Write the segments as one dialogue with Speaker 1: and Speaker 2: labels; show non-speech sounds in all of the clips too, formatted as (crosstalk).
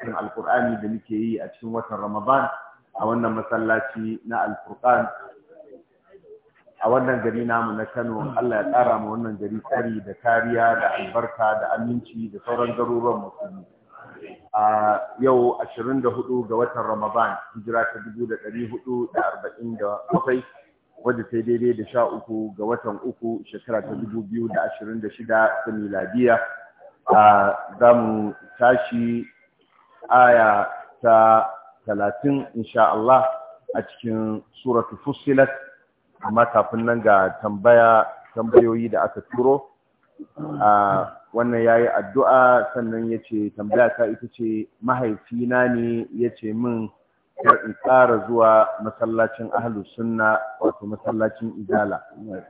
Speaker 1: tafsirin alkur'ani da muke yi a cikin watan ramadan a wannan masallaci na alkur'an a wannan gari namu na kano allah ya tsara ma wannan gari tsari da kariya da albarka da aminci da sauran garuruwan musulmi a yau 24 ga watan ramadan hijira ta 447 wadda ta daidai da sha uku ga watan uku shekara ta dubu biyu da ashirin da shida ta miladiya za mu tashi aya ta talatin insha Allah a cikin suratu fussilat amma kafin nan ga tambaya tambayoyi da aka turo a wannan yayi addu'a sannan yace tambaya ta ita ce mahaifi na ne yace min kar in ƙara zuwa masallacin ahlus sunna wato masallacin izala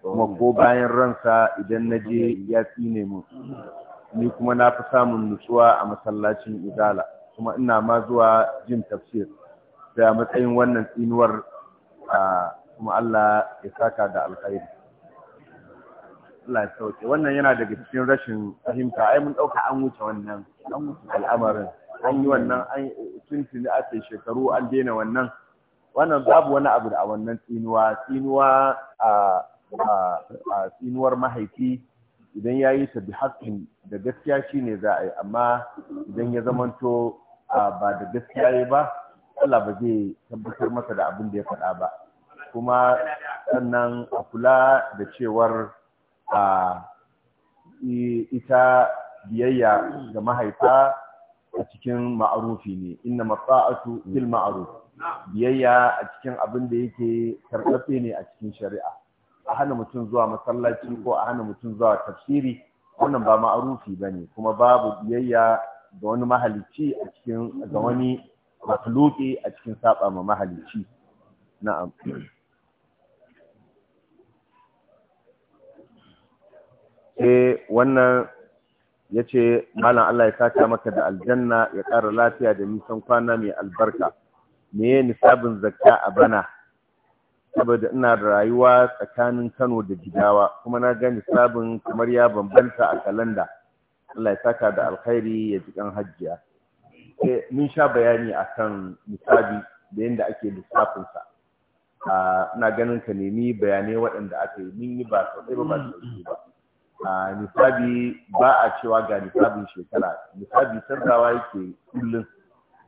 Speaker 2: kuma ko bayan
Speaker 1: ransa idan naje je ya tsine mu ni kuma na fi samun nutsuwa a masallacin izala kuma ina ma zuwa jin tafsir da matsayin wannan tsinuwar kuma Allah ya saka da alkhairi Allah ya sauke wannan yana daga cikin rashin fahimta ai mun dauka an wuce wannan an wuce al'amarin an yi wannan an tuntuni a kai shekaru an daina wannan wannan babu wani abu da a wannan tsinuwa tsinuwa a tsinuwar mahaifi idan ya yi ta bi da gaskiya shine za a yi amma idan ya zamanto ba da gaskiya yi ba Allah ba zai tabbatar masa da abin da ya faɗa ba kuma sannan a kula da cewar a ita biyayya ga mahaifa a cikin ma'arufi ne inna matsa'atu fil ma'ruf biyayya a cikin abin da yake karɓaɓɓe ne a cikin shari'a a hana mutum zuwa masallaci ko a hana mutum zuwa tafsiri wannan ba ma'arufi ba ne, kuma babu biyayya ga wani mahalicci a cikin ga wani makhluki a cikin saba ma mahalicci na'am eh wannan yace malam Allah ya saka maka da aljanna ya ƙara lafiya da nisan kwana mai albarka Me meye nisabin zakka a bana saboda ina da rayuwa tsakanin Kano da Gidawa. kuma na ga nisabin kamar ya bambanta a kalanda Allah ya saka da alkhairi ya ji kan hajjiya eh, mun sha bayani akan misali da yadda ake lissafin sa ah, ganin ka nemi bayanai waɗanda aka yi mun yi ba sau ɗaya ba ba nisabi ah, ba a cewa ga nisabin shekara nisabi canzawa yake kullum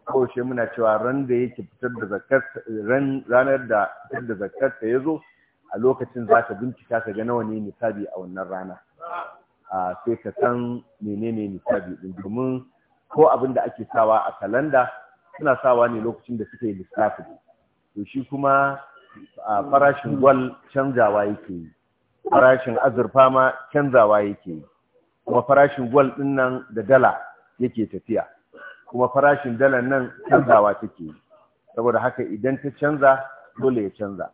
Speaker 1: kawashe muna cewa ran da yake fitar da zakar ranar da fitar da zakar ta yazo a lokacin za ka bincika ka ga nawa ne nisabi a wannan rana sai ka san menene nisabi din domin ko abin da ake sawa a kalanda suna sawa ne lokacin da suka yi lissafi to shi kuma a farashin gwal canzawa yake yi farashin azurfa ma canzawa yake yi kuma farashin gwal din nan da dala yake tafiya kuma farashin dalar nan canzawa take yi saboda haka idan ta canza dole ya canza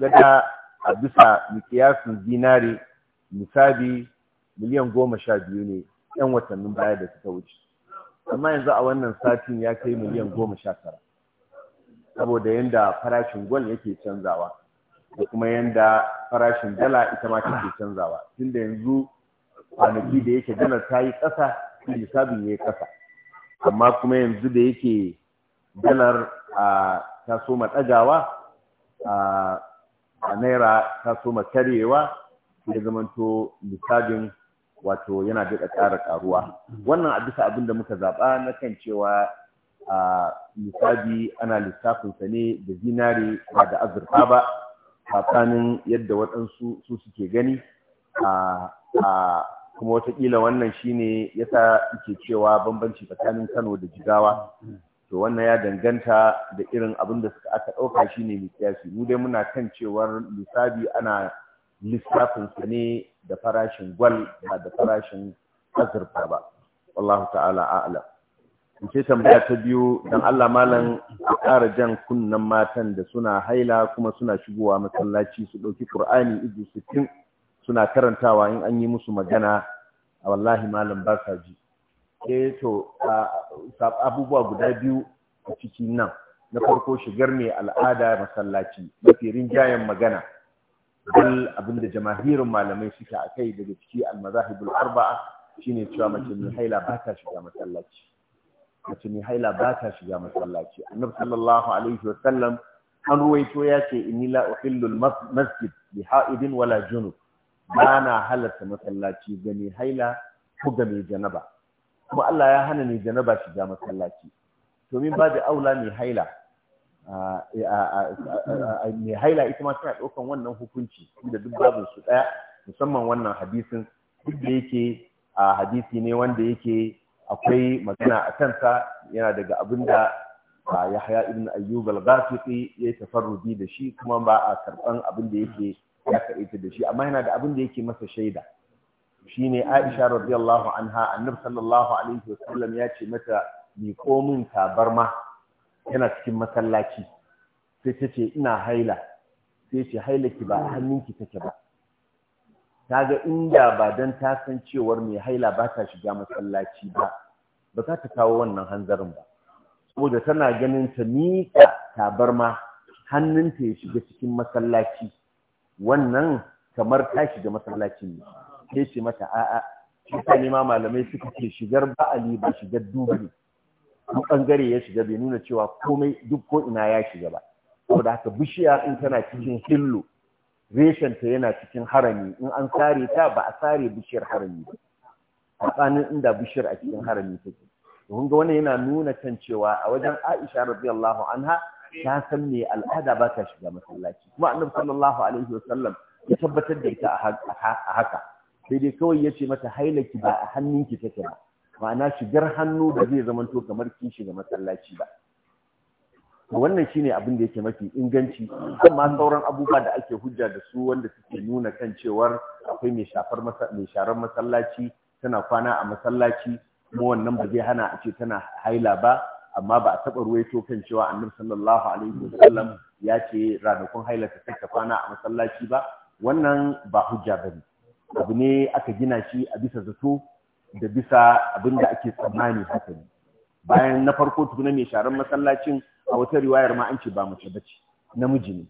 Speaker 1: ga a bisa mikiyasin zinare nisabi. miliyan goma sha biyu ne yan watannin baya da suka wuce amma yanzu a wannan satin ya kai miliyan goma sha tara saboda yadda farashin gwal yake canzawa da kuma yadda farashin dala ita ma take canzawa tunda yanzu kwanaki da yake dalar ta yi ƙasa lissafin ya yi ƙasa amma kuma yanzu da yake dalar ta soma ɗagawa a naira ta soma karyewa ya zamanto lissafin wato yana daɗa ƙara ƙaruwa wannan a bisa abin da muka zaɓa na kan cewa a misali ana lissafinsa ne da zinare ba da azurfa ba tsakanin yadda waɗansu su suke gani a kuma watakila wannan shine sa ke cewa bambanci tsakanin kano da jigawa to wannan ya danganta da irin abin da suka aka ɗauka shine ne mu dai muna kan cewar lissafi ana lissafinsa ne da farashin gwal ba da farashin azurfa ba wallahu ta'ala a'lam ce tambaya ta biyu dan Allah malam a ƙara jan kunnan matan da suna haila kuma suna shigowa masallaci su ɗauki Qur'ani iji sittin suna karantawa in an yi musu magana a wallahi malam ba sa ji eh to abubuwa guda biyu a cikin nan na farko shigar ne al'ada masallaci mafi rinjayen magana Abin abinda jamahirin malamai suke a kai daga ciki almazahibul arba'a shine cewa mace mai haila ba ta shiga masallaci mace mai haila ba ta shiga masallaci annabi sallallahu alaihi sallam, an ruwaito ya ce inni la uhillul masjid bi ha'idin wala junub ba na halatta masallaci ga mai haila ko ga mai janaba kuma Allah ya hana mai janaba shiga masallaci Domin ba babu aula mai haila mai haila ita ma tana ɗaukan wannan hukunci da duk babin su ɗaya musamman wannan hadisin duk da yake a hadisi ne wanda yake akwai magana a kansa yana daga abin da Yahya ibn Ayyub al-Ghafiqi ya tafarrudi da shi kuma ba a karban abin da yake ya kaita da shi amma yana da abin da yake masa shaida shine Aisha radiyallahu anha annabi sallallahu alaihi wasallam ya ce mata komin min ma. yana cikin masallaci sai ta ce ina haila sai ce haila ki ba hannunki take ba ta ga inda ba don ta san cewar mai haila ba ta shiga masallaci ba ba za ta kawo wannan hanzarin ba saboda tana ganin ta miƙa tabarma hannunta ya shiga cikin masallaci wannan kamar ta shiga masallaci ne sai ce mata a'a shi ta nema malamai suka ce shigar ba'ali ba shigar dubu ne duk bangare ya shiga bai nuna cewa komai duk ko ina ya shiga ba saboda haka bishiya in tana cikin Hillo, reshen ta yana cikin harami in an sare ta ba a sare bishiyar harami ba tsakanin inda bishiyar a cikin harami take kun ga wannan yana nuna kan cewa a wajen Aisha radiyallahu anha ta san me al'ada ba ta shiga masallaci kuma annabi sallallahu alaihi wasallam ya tabbatar da ita a haka sai dai kawai ya ce mata hailaki ba a hannunki take ba ma'ana shigar hannu da zai zamanto kamar kin shiga masallaci ba wannan shine abin da yake mafi inganci amma sauran abubuwa da ake hujja da su wanda suke nuna kan cewar akwai mai shafar mai sharar masallaci tana kwana a masallaci kuma wannan ba zai hana a ce tana haila ba amma ba a taɓa ruwaito kan cewa annabi sallallahu alaihi wasallam ya ce ranakun haila ta take kwana a masallaci ba wannan ba hujja bane abu ne aka gina shi a bisa zato da bisa abin da ake tsammani haka ne bayan na farko tukuna mai sharan masallacin a wata riwayar ma an ce ba mace ba ce. namiji ne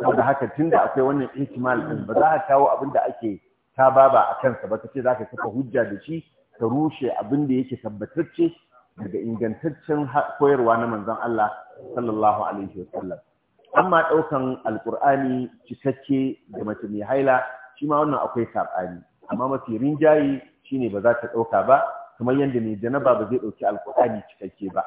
Speaker 1: saboda haka tun da akwai wannan ihtimal din ba za ka kawo abin da ake ta ba ba a kansa ba kace za ka kafa hujja da shi ka rushe abin da yake tabbatacce daga ingantaccen koyarwa na manzon Allah sallallahu alaihi wasallam amma daukan alqur'ani cikakke da mace mai haila shi ma wannan akwai sabani amma mafi rinjaye shine ba za ta ɗauka ba kamar yadda mai janaba ba zai ɗauki Alƙur'ani cikakke ba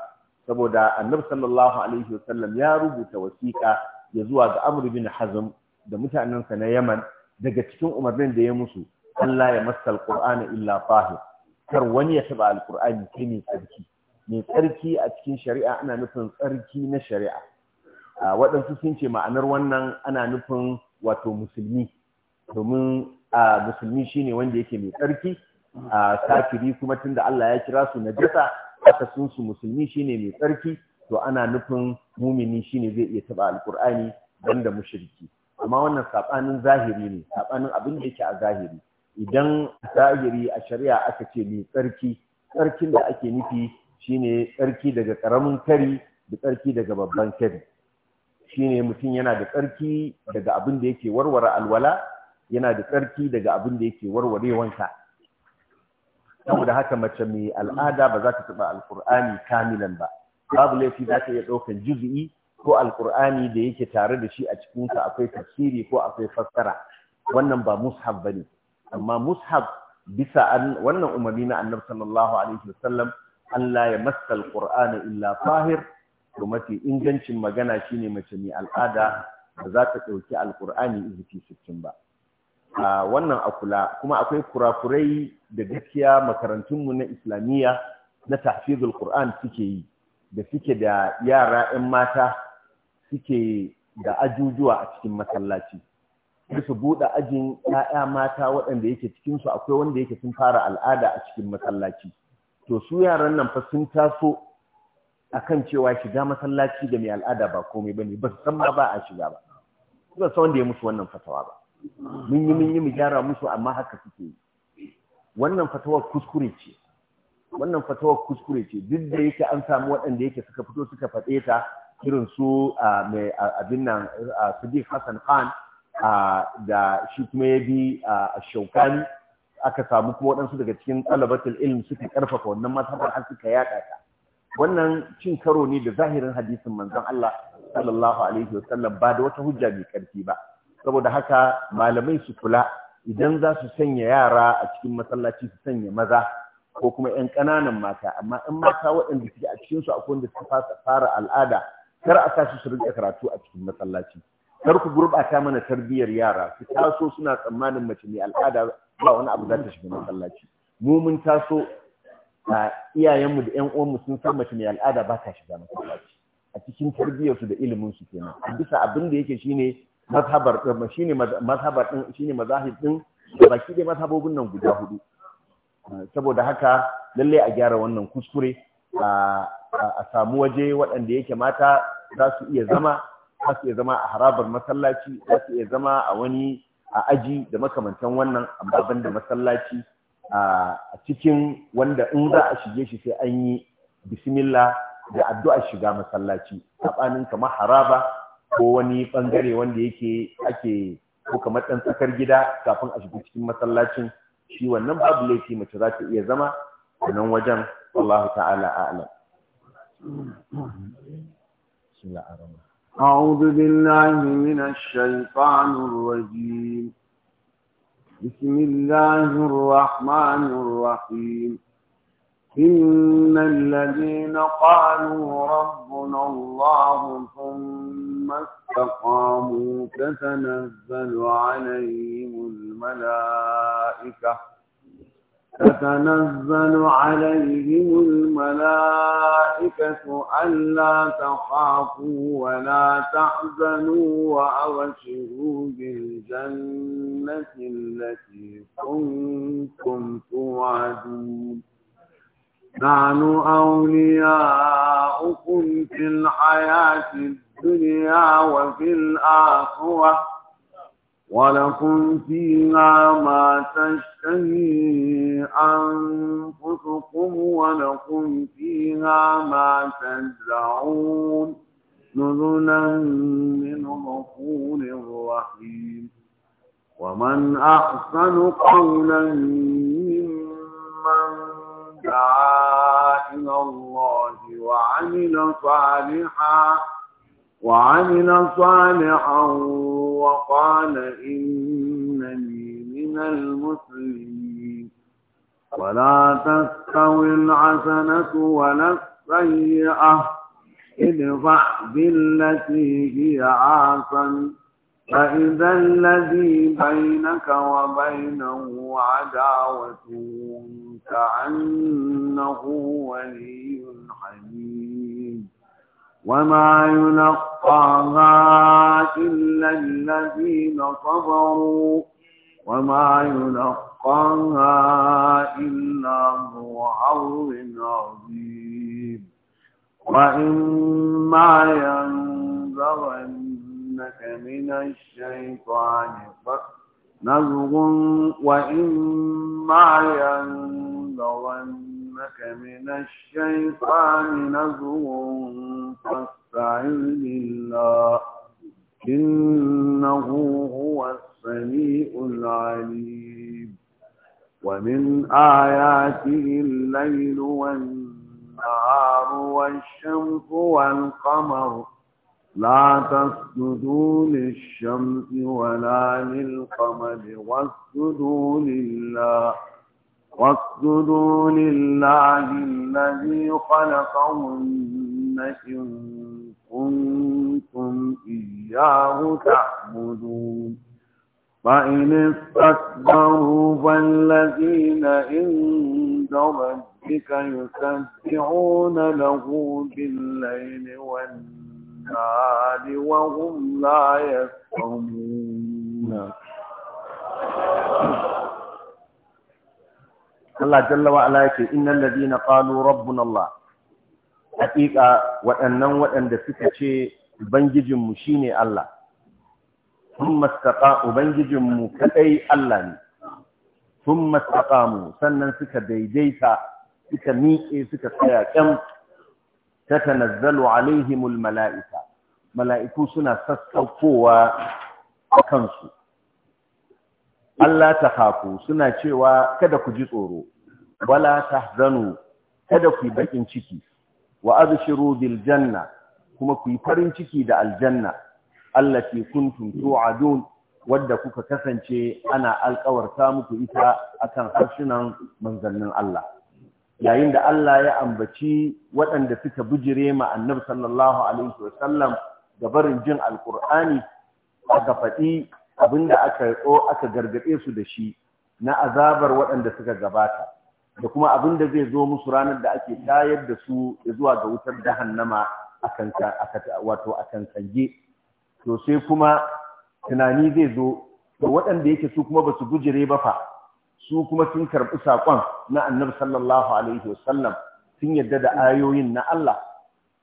Speaker 1: saboda annabi sallallahu alaihi wasallam ya rubuta wasiƙa ya zuwa ga amr bin hazm da mutanensa na yaman daga cikin umarnin da ya musu Allah ya masa Alƙur'ani illa fahim kar wani ya taɓa alkur'ani kai mai tsarki mai tsarki a cikin shari'a ana nufin tsarki na shari'a waɗansu sun ce ma'anar wannan ana nufin wato musulmi domin a musulmi shine wanda yake mai tsarki a kafiri kuma tunda Allah ya kira su najasa aka sun su musulmi shine mai tsarki to ana nufin mumini shine zai iya taba alqur'ani banda mushriki amma wannan sabanin zahiri ne sabanin abin da yake a zahiri idan zahiri a shari'a aka ce mai tsarki tsarkin da ake nufi shine tsarki daga karamin kari da tsarki daga babban kari shine mutum yana da tsarki daga abin da yake warware alwala yana da tsarki daga abin da yake warware wanka saboda haka mace mai al'ada ba za ta taɓa alƙur'ani kamilan ba babu laifi za ta iya ɗaukan juzu'i ko alƙur'ani da yake tare da shi a cikinsa akwai tafsiri ko akwai fassara wannan ba mushaf bane amma mushaf bisa wannan umarni na annabi sallallahu alaihi wasallam Allah ya massa alqur'ana illa fahir. to mafi ingancin magana shine mace mai al'ada ba za ta ɗauki alqur'ani izifi sittin ba wannan a kula kuma akwai kurakurai da gaskiya makarantunmu na islamiyya na tafizul qur'an suke yi da suke da yara 'yan mata suke da ajujuwa a cikin masallaci su buɗe ajin 'ya'ya mata waɗanda yake cikinsu akwai wanda yake sun fara al'ada a cikin masallaci to su yaran nan fa sun taso akan cewa shiga masallaci da mai al'ada ba komai bane ba san ma ba a shiga ba ba san wanda ya musu wannan fatawa ba mun yi mun yi mu gyara musu amma haka suke yi wannan fatawar kuskure ce wannan fatawar kuskure ce duk da yake an samu waɗanda yake suka fito suka faɗe ta irin su mai abin nan Sadiq Hassan Khan da shi kuma ya bi Shaukani aka samu kuma waɗansu daga cikin talabatul ilm suka karfafa wannan mazhabar har suka yaɗa ta wannan cin karo ne da zahirin hadisin manzon Allah sallallahu alaihi wasallam ba da wata hujja mai karfi ba saboda haka malamai su kula idan za su sanya yara a cikin masallaci su sanya maza ko kuma 'yan ƙananan mata amma 'yan mata waɗanda suke a cikinsu akwai wanda suka fara al'ada kar a sa su su karatu a cikin masallaci kar ku gurɓata mana tarbiyyar yara su taso suna tsammanin mace mai al'ada ba wani abu za ta shiga masallaci mu mun taso a iyayenmu da ƴan uwanmu sun san mace mai al'ada ba ta shiga masallaci a cikin tarbiyyarsu da ilimin su kenan bisa abin da yake shine mazhabar eh, shine mazhabar din shine mazahib din da baki dai mazhabobin nan guda hudu eh, saboda haka lalle a gyara wannan kuskure a samu waje waɗanda yake mata za su iya zama za su iya zama a harabar masallaci za su iya zama a wani a aji da makamantan wannan amma da masallaci a cikin wanda in za a shige shi sai an yi bismillah da addu'a shiga masallaci sabanin kamar haraba ko wani bangare wanda yake ake ko kamar ɗan tsakar gida kafin a shiga cikin masallacin shi wannan babu laifi mace za ta iya zama a nan wajen Allahu ta'ala a'lam
Speaker 3: أعوذ بالله من الشيطان الرجيم بسم الله الرحمن إن الذين قالوا ربنا الله ثم استقاموا تتنزل عليهم الملائكة تتنزل عليهم الملائكة ألا تخافوا ولا تحزنوا وأبشروا بالجنة التي كنتم توعدون نحن أولياؤكم في الحياة الدنيا وفي الآخرة ولكم فيها ما تشتهي أنفسكم ولكم فيها ما تدعون نزلا من غفور رحيم ومن أحسن قولا ممن دعا إلى الله وعمل صالحا وعمل صالحا وقال إنني من المسلمين ولا تستوي الحسنة ولا السيئة ادفع بالتي هي أحسن فإذا الذي بينك وبينه عداوة كأنه ولي حميم وما يلقاها إلا الذين صبروا وما يلقاها إلا ذو عرض عظيم وإما ينزغنك من الشيطان نزغ وإما ينزغنك يبلغنك من الشيطان نزغ فاستعذ بالله إنه هو السميع العليم ومن آياته الليل والنهار والشمس والقمر لا تسجدوا للشمس ولا للقمر واسجدوا لله واسجدوا لله الذي خلقهن إن كنتم إياه تعبدون فإن استكبروا فالذين عند ربك يسبحون له بالليل والنهار وهم لا
Speaker 1: يسهمون Allah jalla wa ala yake innal ladina qalu rabbuna Allah haƙiƙa waɗannan waɗanda suka ce ubangijinmu shine Allah thumma istaqa ubangijinmu kadai Allah ne thumma istaqamu sannan suka daidaita suka miƙe suka tsaya kan tatanazzalu alaihimul mala'ika mala'iku suna sassaukowa kansu Allah ta haku suna cewa kada ku ji tsoro, wala ta zanu kada ku yi baƙin ciki, wa azushiru bil janna kuma ku yi farin ciki da aljanna, Allah ke kuntum tu'adun wadda kuka kasance ana alkawarta muku ita akan harsunan manzannin Allah. Yayin da Allah ya ambaci waɗanda suka bijire ma annabi sallallahu alaihi wasallam ga barin jin alkur'ani aka faɗi abinda aka aka gargaɗe su da shi na azabar waɗanda suka gabata da kuma abin da zai zo musu ranar da ake tayar da su zuwa ga wutar jahannama hannama wato akan kange to sai kuma tunani zai zo da waɗanda yake su kuma ba su gujire ba fa su kuma sun karɓi saƙon na annabi sallallahu alaihi wasallam sun yadda da ayoyin na Allah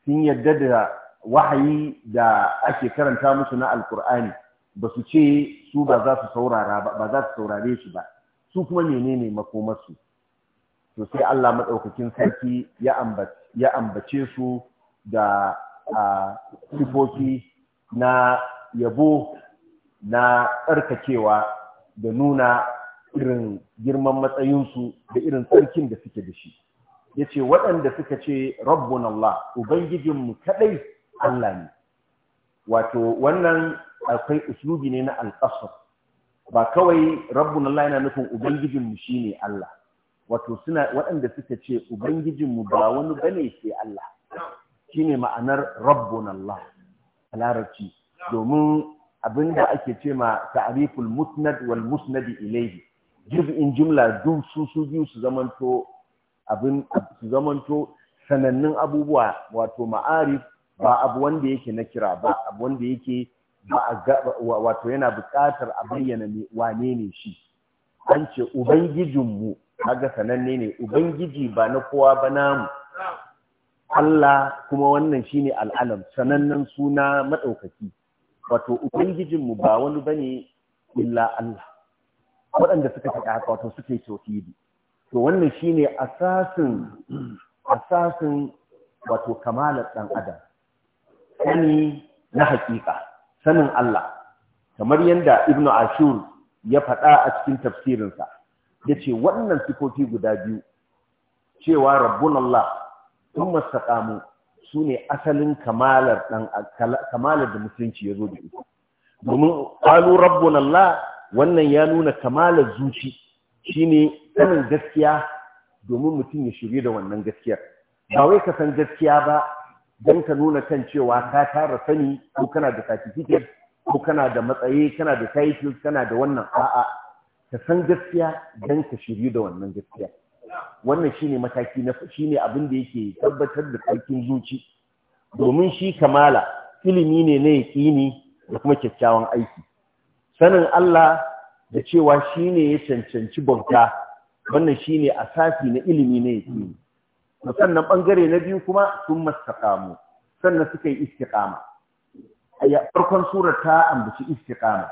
Speaker 1: sun yadda da wahayi da ake karanta musu na alkur'ani ba su ce su ba za su saurara ba ba za su saurare shi ba su kuma menene makomarsu to sai Allah madaukakin sarki ya ambace ya ambace su da sifofi na yabo na tsarkakewa da nuna irin girman matsayinsu da irin tsarkin da suke da shi ya ce waɗanda suka ce rabbun Allah ubangijinmu kaɗai Allah ne wato wannan akwai uslubi ne na alƙasar ba kawai rabbun Allah yana nufin ubangijinmu mu ne Allah wato suna waɗanda suka ce ubangijin mu ba wani bane sai Allah shi ne ma'anar rabbun Allah a larabci domin abinda ake ce ma ta'riful musnad wal musnad ilayhi juz'in jumla duk su su biyu su zamanto abin su zamanto sanannun abubuwa wato ma'arif ba abu wanda yake na kira ba abu wanda yake wato yana buƙatar a bayyana wane ne shi an ce ubangijinmu ga sananne ne ubangiji ba na kowa ba namu Allah kuma wannan shine al'alam sanannen suna maɗaukaki wato ubangijinmu ba wani ba ne? illa Allah waɗanda suka fi haka wato suke ne. to wannan shine asasin asasin wato kamalar ɗan adam sani na haƙiƙa sanin Allah kamar yadda Ibn Ashur ya faɗa a cikin tafsirinsa ya ce waɗannan sifofi guda biyu cewa rabbun Allah sun mastaƙamu su asalin kamalar da musulunci ya zo da ita domin ƙalu rabbun Allah wannan ya nuna kamalar zuci shine sanin gaskiya domin mutum ya shirye da wannan gaskiyar ba wai ka san gaskiya ba don ka nuna kan cewa ka tara sani ko kana da certificate ko kana da matsayi kana da title kana da wannan a'a ka san gaskiya don ka shiryu da wannan gaskiya wannan shine mataki na shine abin da yake tabbatar da tsarkin zuci domin shi kamala ilimi ne na yaƙini da kuma kyakkyawan aiki sanin Allah da cewa shine ya cancanci bauta wannan shine asasi na ilimi na yaƙini sannan bangare na biyu kuma sun mastaqamu sannan suka yi istiqama aya farkon surar ta ambaci istiqama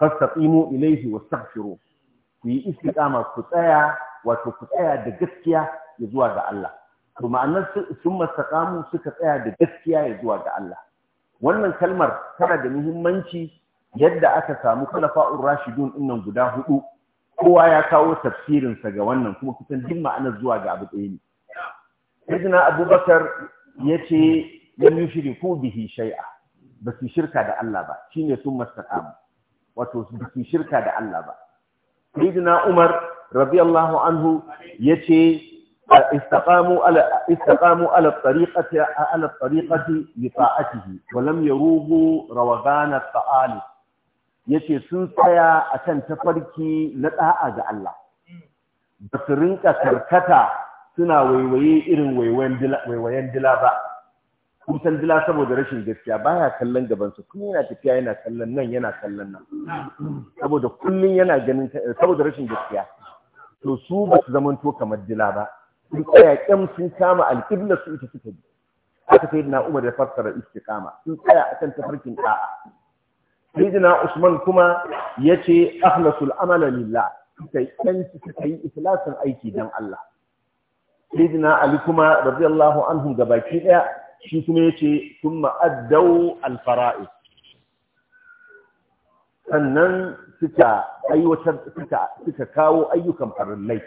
Speaker 1: fastaqimu ilayhi wastaghfiru ku yi istiqama ku tsaya wato ku tsaya da gaskiya ya zuwa ga Allah to ma'anar sun mastaqamu suka tsaya da gaskiya ya zuwa ga Allah wannan kalmar tana da muhimmanci yadda aka samu khulafa'ur rashidun innan guda hudu kowa ya kawo tafsirinsa ga wannan kuma kusan duk ma'anar zuwa ga abu ɗaya ne sayyidina abubakar ya ce lam yushriku bihi shay'a ba su shirka da Allah ba shine sun mastaqam wato ba su shirka da Allah ba sayyidina umar radiyallahu anhu ya ce استقاموا على استقاموا على الطريقة على الطريقة لطاعته ولم يروغوا روغان التعالي yace sun tsaya a kan tafarki na ɗa'a ga Allah ba su rinka karkata suna waiwaye irin waiwayen dila ba kusan dila saboda rashin gaskiya baya kallon gabansa kuma yana tafiya yana kallon nan yana kallon nan saboda kullum yana ganin saboda rashin gaskiya to su ba su zamanto kamar dila ba sun tsaya kyam sun kama alƙibla su ita suka bi Aka sai na umar ya fassara istiqama sun tsaya a kan tafarkin ɗa'a. sayyidina usman kuma yace akhlasul amala lillah kai dan suka yi ikhlasin aiki dan Allah sayyidina ali kuma radiyallahu anhu gabaki daya shi kuma yace thumma addau al fara'id sannan suka aiwatar suka suka kawo ayyukan farillai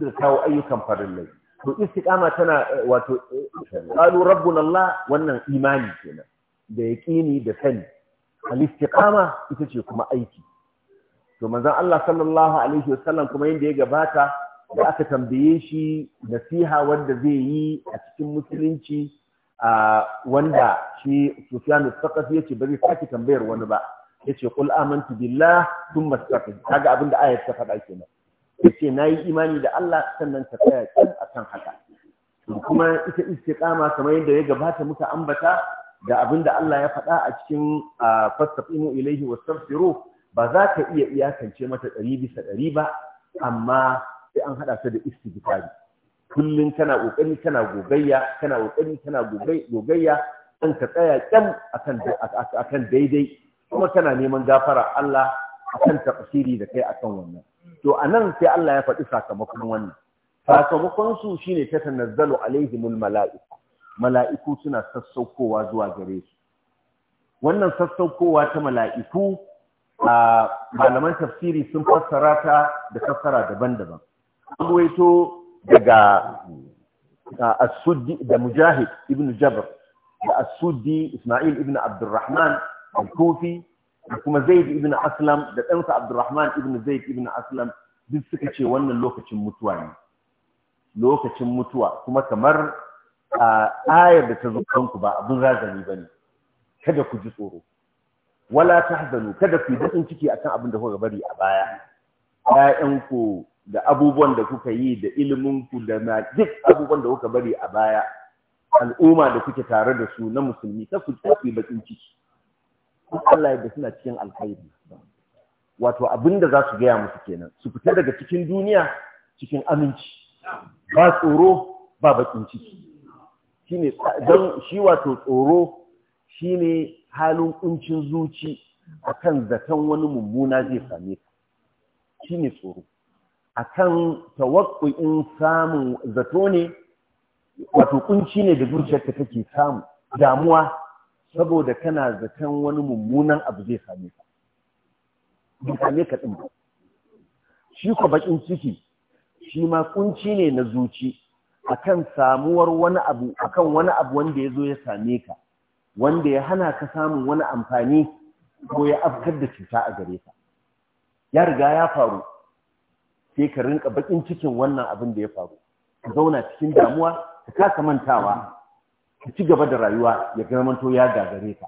Speaker 1: suka kawo ayyukan farillai to istiqama tana wato qalu rabbuna allah wannan imani kenan da yaqini da sani al-istiqama ita ce kuma aiki to manzon Allah sallallahu alaihi wasallam kuma yanda ya gabata da aka tambaye shi nasiha wanda zai yi a cikin musulunci wanda shi Sufyan al-Thaqafi yace ba zai tambayar wani ba yace qul amantu billah thumma istaqim kaga abinda ayat ta faɗa kenan yace nayi imani da Allah sannan ta tsaya kan akan haka kuma ita istiqama kamar yadda ya gabata muka ambata da abin da Allah ya faɗa a cikin fastaqinu ilaihi wastaghfiru ba za ka iya iyakance mata ɗari bisa ɗari ba amma sai an haɗa ta da istighfari kullum kana ƙoƙari kana gogayya kana ƙoƙari kana gogayya an ka tsaya kyam akan daidai kuma kana neman gafara Allah akan tafsiri da kai akan wannan to anan sai Allah ya faɗi sakamakon wannan sakamakon su shine ta tanazzalu alaihimul mala'iku suna sassaukowa zuwa gare su wannan sassaukowa ta mala'iku a malaman tafsiri sun fassara ta da fassara daban-daban an waito daga asuddi da mujahid ibn jabr da asuddi isma'il ibn abdurrahman al-kufi da kuma zaid ibn aslam da ɗansa abdurrahman ibn zaid ibn aslam duk suka ce wannan lokacin mutuwa ne lokacin mutuwa kuma kamar a ayar da ta zo kanku ba abin razani ba ne kada ku ji tsoro wala ta hazanu kada ku yi bakin ciki akan abin da kuka bari a baya ku da abubuwan da kuka yi da iliminku da na duk abubuwan da kuka bari a baya al'umma da kuke tare da su na musulmi ta ku yi bakin ciki Allah ya suna cikin alkhairi wato abin da za su gaya musu kenan su fita daga cikin duniya cikin aminci ba tsoro ba baƙin ciki shine don shi wato tsoro shine halin kuncin zuci akan zaton wani mummuna zai same ka shine tsoro akan tawakkuin samun zato ne wato kunci ne da zuciyarka take samu damuwa saboda kana zaton wani mummunan abu zai same ka bai same ka din ba shi ko bakin ciki shi ma kunci ne na zuci akan samuwar wani abu akan wani abu wanda ya zo ya same ka wanda ya hana ka samun wani amfani ko ya afkar da cuta a gare ka ya riga ya faru sai ka rinka bakin cikin wannan abin da ya faru ka zauna cikin damuwa ka kasa mantawa ka ci gaba da rayuwa ya gamanto ya gagare ka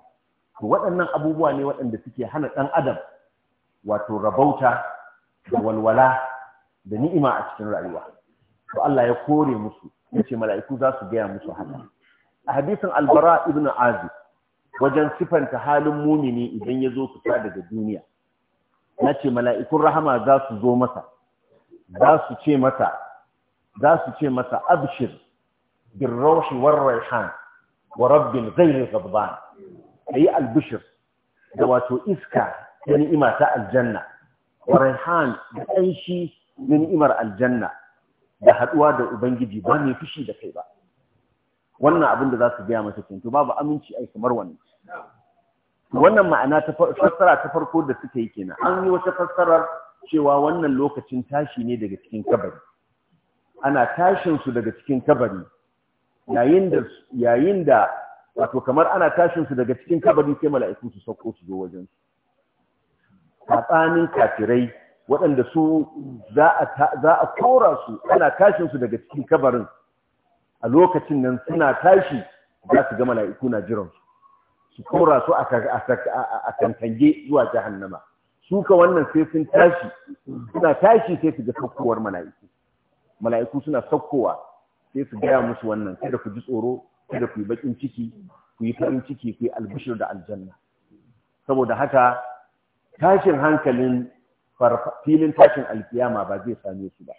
Speaker 1: to waɗannan abubuwa ne waɗanda suke hana ɗan adam wato rabauta da walwala da ni'ima a cikin rayuwa to Allah ya kore musu yace mala'iku za su gaya musu haka a hadisin albara ibn azib wajen sifanta halin mumini idan ya zo fita daga duniya na ce mala'ikun rahama za su zo masa za su ce mata za su ce masa abshir bin raushi war raihan wa rabbin ghairi ghadban ayi albishir da wato iska da ni'ima ta aljanna wa raihan da kanshi ni'imar aljanna da haɗuwa da ubangiji ba mai fushi da kai ba wannan abin da za su gaya masa kinto babu aminci ai kamar wani. wannan ma'ana ta fassara ta farko da suka yi kenan an yi wata fassarar cewa wannan lokacin tashi ne daga cikin kabari ana tashin su daga cikin kabari yayin da da wato kamar ana tashin su daga cikin kabari sai mala'iku su sauko su zo wajen su tsakanin kafirai waɗanda su za a kora su ana tashinsu daga cikin kabarin a lokacin nan suna tashi za su ga mala'iku na jiran su kora su a kankange zuwa jahannama Suka wannan sai sun tashi suna tashi sai su ga saukowar mala'iku mala'iku suna saukowa sai su gaya musu wannan sai da ku ji tsoro sai da ku yi bakin ciki ku yi farin ciki ku yi albishir da aljanna saboda haka tashin hankalin filin tashin alkiyama ba zai same su ba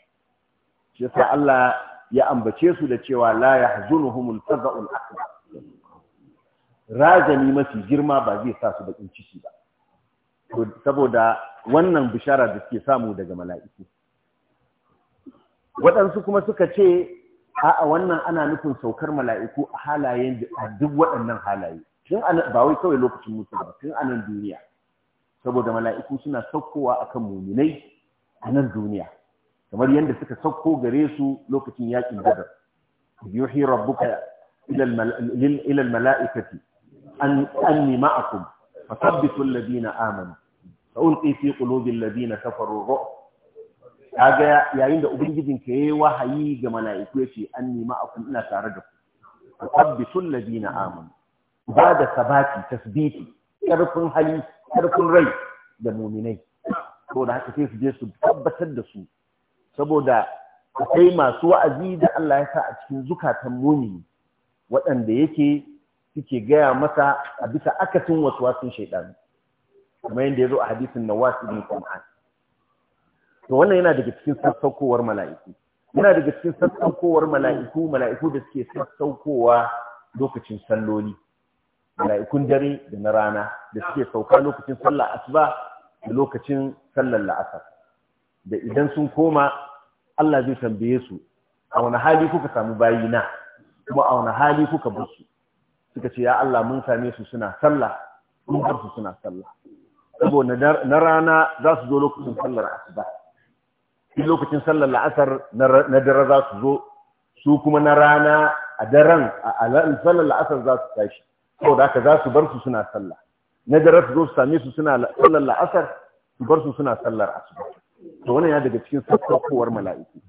Speaker 1: shi yasa Allah ya ambace su da cewa la yahzunuhumul faza'ul akbar razani mafi girma ba zai sa su bakin ciki ba saboda wannan bishara da suke samu daga mala'iku waɗansu kuma suka ce a'a wannan ana nufin saukar mala'iku a halayen a duk waɗannan halaye tun ba wai kawai lokacin mutuwa ba tun nan duniya saboda mala'iku suna saukowa akan muminai a nan duniya kamar yadda suka sauko gare su lokacin yakin badar yuhi rabbuka ila mala'ikati an kuma. ma'akum fasabbitu alladhina amanu fa ulqi fi qulubi alladhina kafaru ru'b kaga yayin da ubangijin ka yayi wahayi ga mala'iku yace a kuma ina tare da ku fasabbitu alladhina amanu ba da sabati tasbiti karfin hali ƙarfin rai da muminai saboda haka sai su je su tabbatar da su saboda akwai masu wa'azi da Allah ya sa a cikin zukatan mumini waɗanda yake suke gaya masa a bisa akasin wasu wasun shaidan kamar yadda ya zo a hadisin wasu ibn Sam'an to wannan yana daga cikin sassaukowar mala'iku yana daga cikin sassaukowar mala'iku mala'iku da suke sassaukowa lokacin salloli mala'ikun dare da na rana da suke sauka lokacin sallar asuba da lokacin sallar la'asar da idan sun koma Allah zai tambaye su a wani hali kuka samu bayina kuma a wani hali kuka bar su suka ce ya Allah mun same su suna sallah mun bar su suna sallah saboda na rana za su zo lokacin sallar asuba shi lokacin sallar la'asar na dare za su zo su kuma na rana a daren a sallar la'asar za su tashi ko da ka za su bar su suna sallah na dare su zo su same su suna sallar la'asar su bar su suna sallar asuba to wannan ya daga cikin sassaukowar mala'iku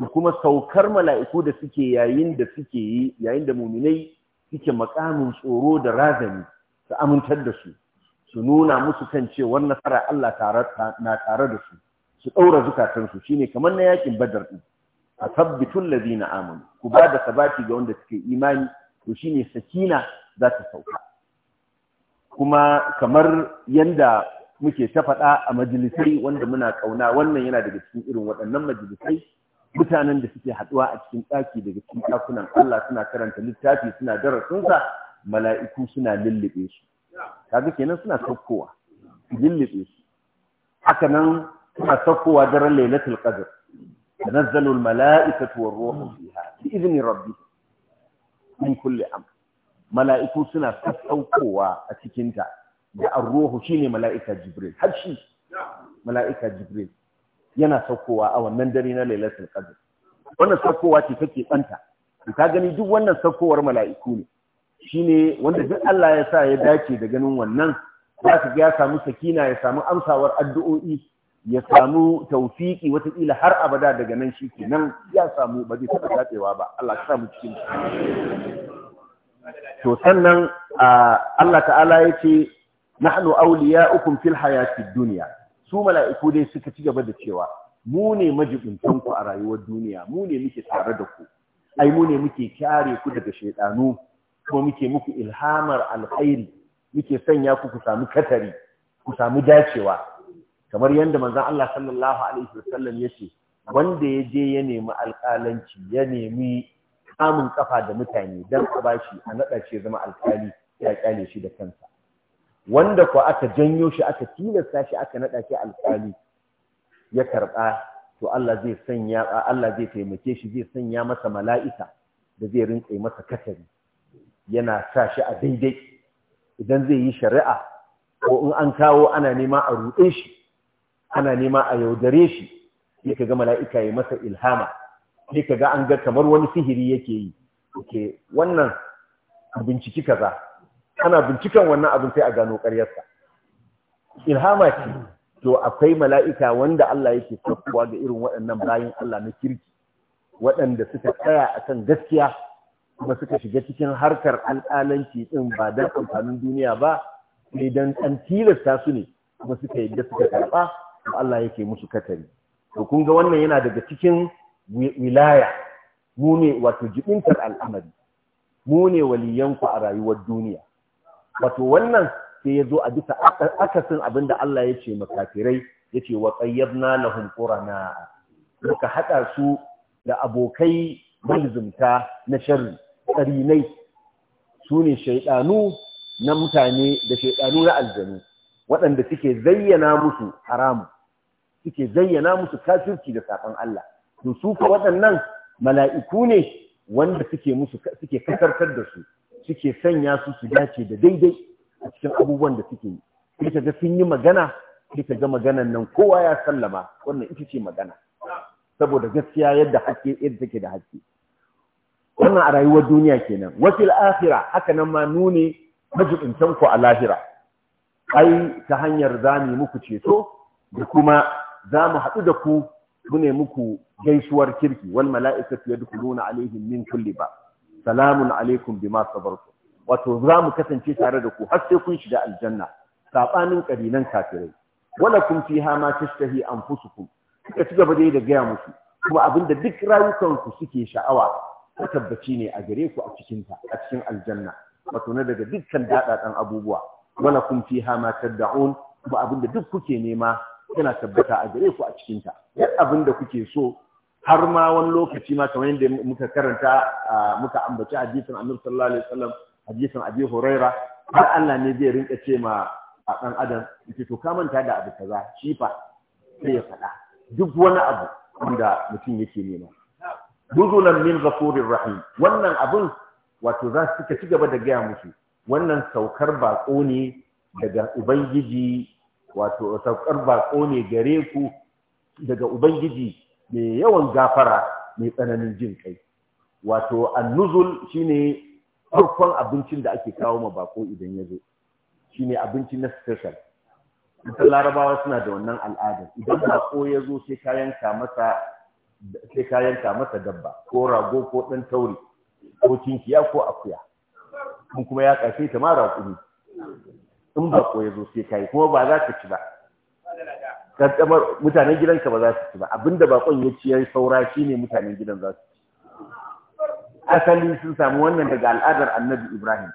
Speaker 1: da kuma saukar mala'iku da suke yayin da suke yi yayin da muminai suke makamin tsoro da razani su amintar da su su nuna musu kan cewar nasara Allah na tare da su su ɗaura zukatansu shine kamar na yakin badar ɗin a tabbitul lazina amanu ku ba da sabati ga wanda suke imani to shine sakina za ta sauka kuma kamar yadda muke ta faɗa a majalisai wanda muna ƙauna wannan yana daga cikin irin waɗannan majalisai mutanen da suke haɗuwa a cikin ɗaki daga cikin ɗakunan Allah suna karanta littafi suna darasinsa mala'iku suna lullube su kaga kenan suna saukowa lullube su haka nan suna saukowa daren lailatul qadr tanazzalul mala'ikatu war ruhu fiha bi idni rabbi min kulli amr mala'iku suna sassaukowa a cikinta da shi shine mala'ika jibril har shi mala'ika jibril yana saukowa a wannan dare na lailatul qadr wannan saukowa ce take tsanta. to ka gani duk wannan saukowar mala'iku ne shine wanda duk Allah ya sa ya dace da ganin wannan za ka ga ya samu sakina ya samu amsawar addu'o'i ya samu wata wataƙila har abada daga nan shi kenan ya samu ba zai taɓa tatsewa ba Allah ka samu cikin to sannan Allah ta'ala ya ce nahnu ukun fil hayatid duniya. su mala'iku dai suka ci gaba da cewa mu ne majibuntan ku a rayuwar duniya mu ne muke tare da ku ai mu ne muke kyare ku daga shaidanu kuma muke muku ilhamar alkhairi muke sanya ku ku sami katari ku sami dacewa kamar yadda manzon Allah sallallahu alaihi wasallam yace wanda ya je ya nemi alƙalanci ya nemi kamun kafa da mutane dan a bashi a nada shi zama alkali ya kyale shi da kansa wanda ko aka janyo shi aka tilasta shi aka naɗa shi alkali ya karɓa, to Allah zai sanya Allah zai taimake shi zai sanya masa mala'ika da zai rinƙa masa katari yana sa shi a daidai idan zai yi shari'a ko in an kawo ana nema a ruɗe shi ana nema a yaudare shi yake ga mala'ika ya masa ilhama sai ka ga an ga kamar wani sihiri yake yi oke wannan binciki kaza ana bincikan wannan abin sai a gano karyarsa. ilhama ce to akwai mala'ika wanda Allah yake saukowa ga irin waɗannan bayan Allah na kirki waɗanda suka tsaya a kan gaskiya kuma suka shiga cikin harkar alƙalanci ɗin ba don amfanin duniya ba sai don ɗan tilasta su ne kuma suka yadda suka karɓa to Allah yake musu katari to kun ga wannan yana daga cikin wilaya mu ne wato jibintar al'amari mu ne waliyanku a rayuwar duniya wato wannan sai ya zo a bisa akasin abin da Allah ya ce makafirai ya ce wa tsayyabna lahum na muka haɗa su da abokai malzumta na sharri tsarinai su ne shaidanu na mutane da shaiɗanu na aljanu waɗanda suke zayyana musu haramu suke zayyana musu kafirci da saƙon Allah to su ka waɗannan mala'iku ne wanda suke musu suke kasartar da su suke sanya su su dace da daidai a cikin abubuwan da suke yi sai ka ga sun yi magana sai ka ga maganan nan kowa ya sallama wannan ita ce magana saboda gaskiya yadda hakke yadda take da hakke wannan a rayuwar duniya kenan wasil akhirah haka nan ma nune majibintan ku a lahira ai ta hanyar zamu muku ceto da kuma zamu haɗu da ku mu muku gaisuwar kirki wal mala'ikatu yadkhuluna alaihim min kulli ba salamun alaikum bima sabartum wato za mu kasance tare da ku har sai kun shiga aljanna sabanin kadinan kafirai wala kun fiha ma tashtahi anfusukum suka ci gaba dai da gaya musu kuma abinda duk rayukanku suke sha'awa ta tabbaci ne a gare ku a cikin ta a cikin aljanna wato na daga dukkan dadadan abubuwa wala kun fiha ma tad'un kuma abinda duk kuke nema yana tabbata a gare ku a cikin ta abinda kuke so har ma wani lokaci ma kamar yadda muka karanta muka ambaci hadisin annabi sallallahu alaihi wasallam hadisin abi huraira har Allah ne zai rinka ce ma a dan adam to ka manta da abu kaza shi fa sai ya faɗa duk wani abu wanda mutum yake nema nuzulan min ghafurir rahim wannan abun wato za su ci gaba da gaya musu wannan saukar bako ne daga ubangiji wato saukar bako ne gare ku daga ubangiji mai yawan gafara mai tsananin jin kai wato annuzul shine farkon abincin da ake kawo ma bako idan ya shine abinci na special ita larabawa suna da wannan al'ada idan bako ya zo sai ka yanka masa masa dabba ko rago ko ɗan tauri ko kinkiya ko akuya kun kuma ya ƙarfe ta mara in bako yazo zo sai kai kuma ba za ka ci ba kaddamar mutanen gidanka ba za su ci ba abinda bakon ya ci yayi saura shine mutanen gidan za su ci asali sun samu wannan daga al'adar annabi ibrahim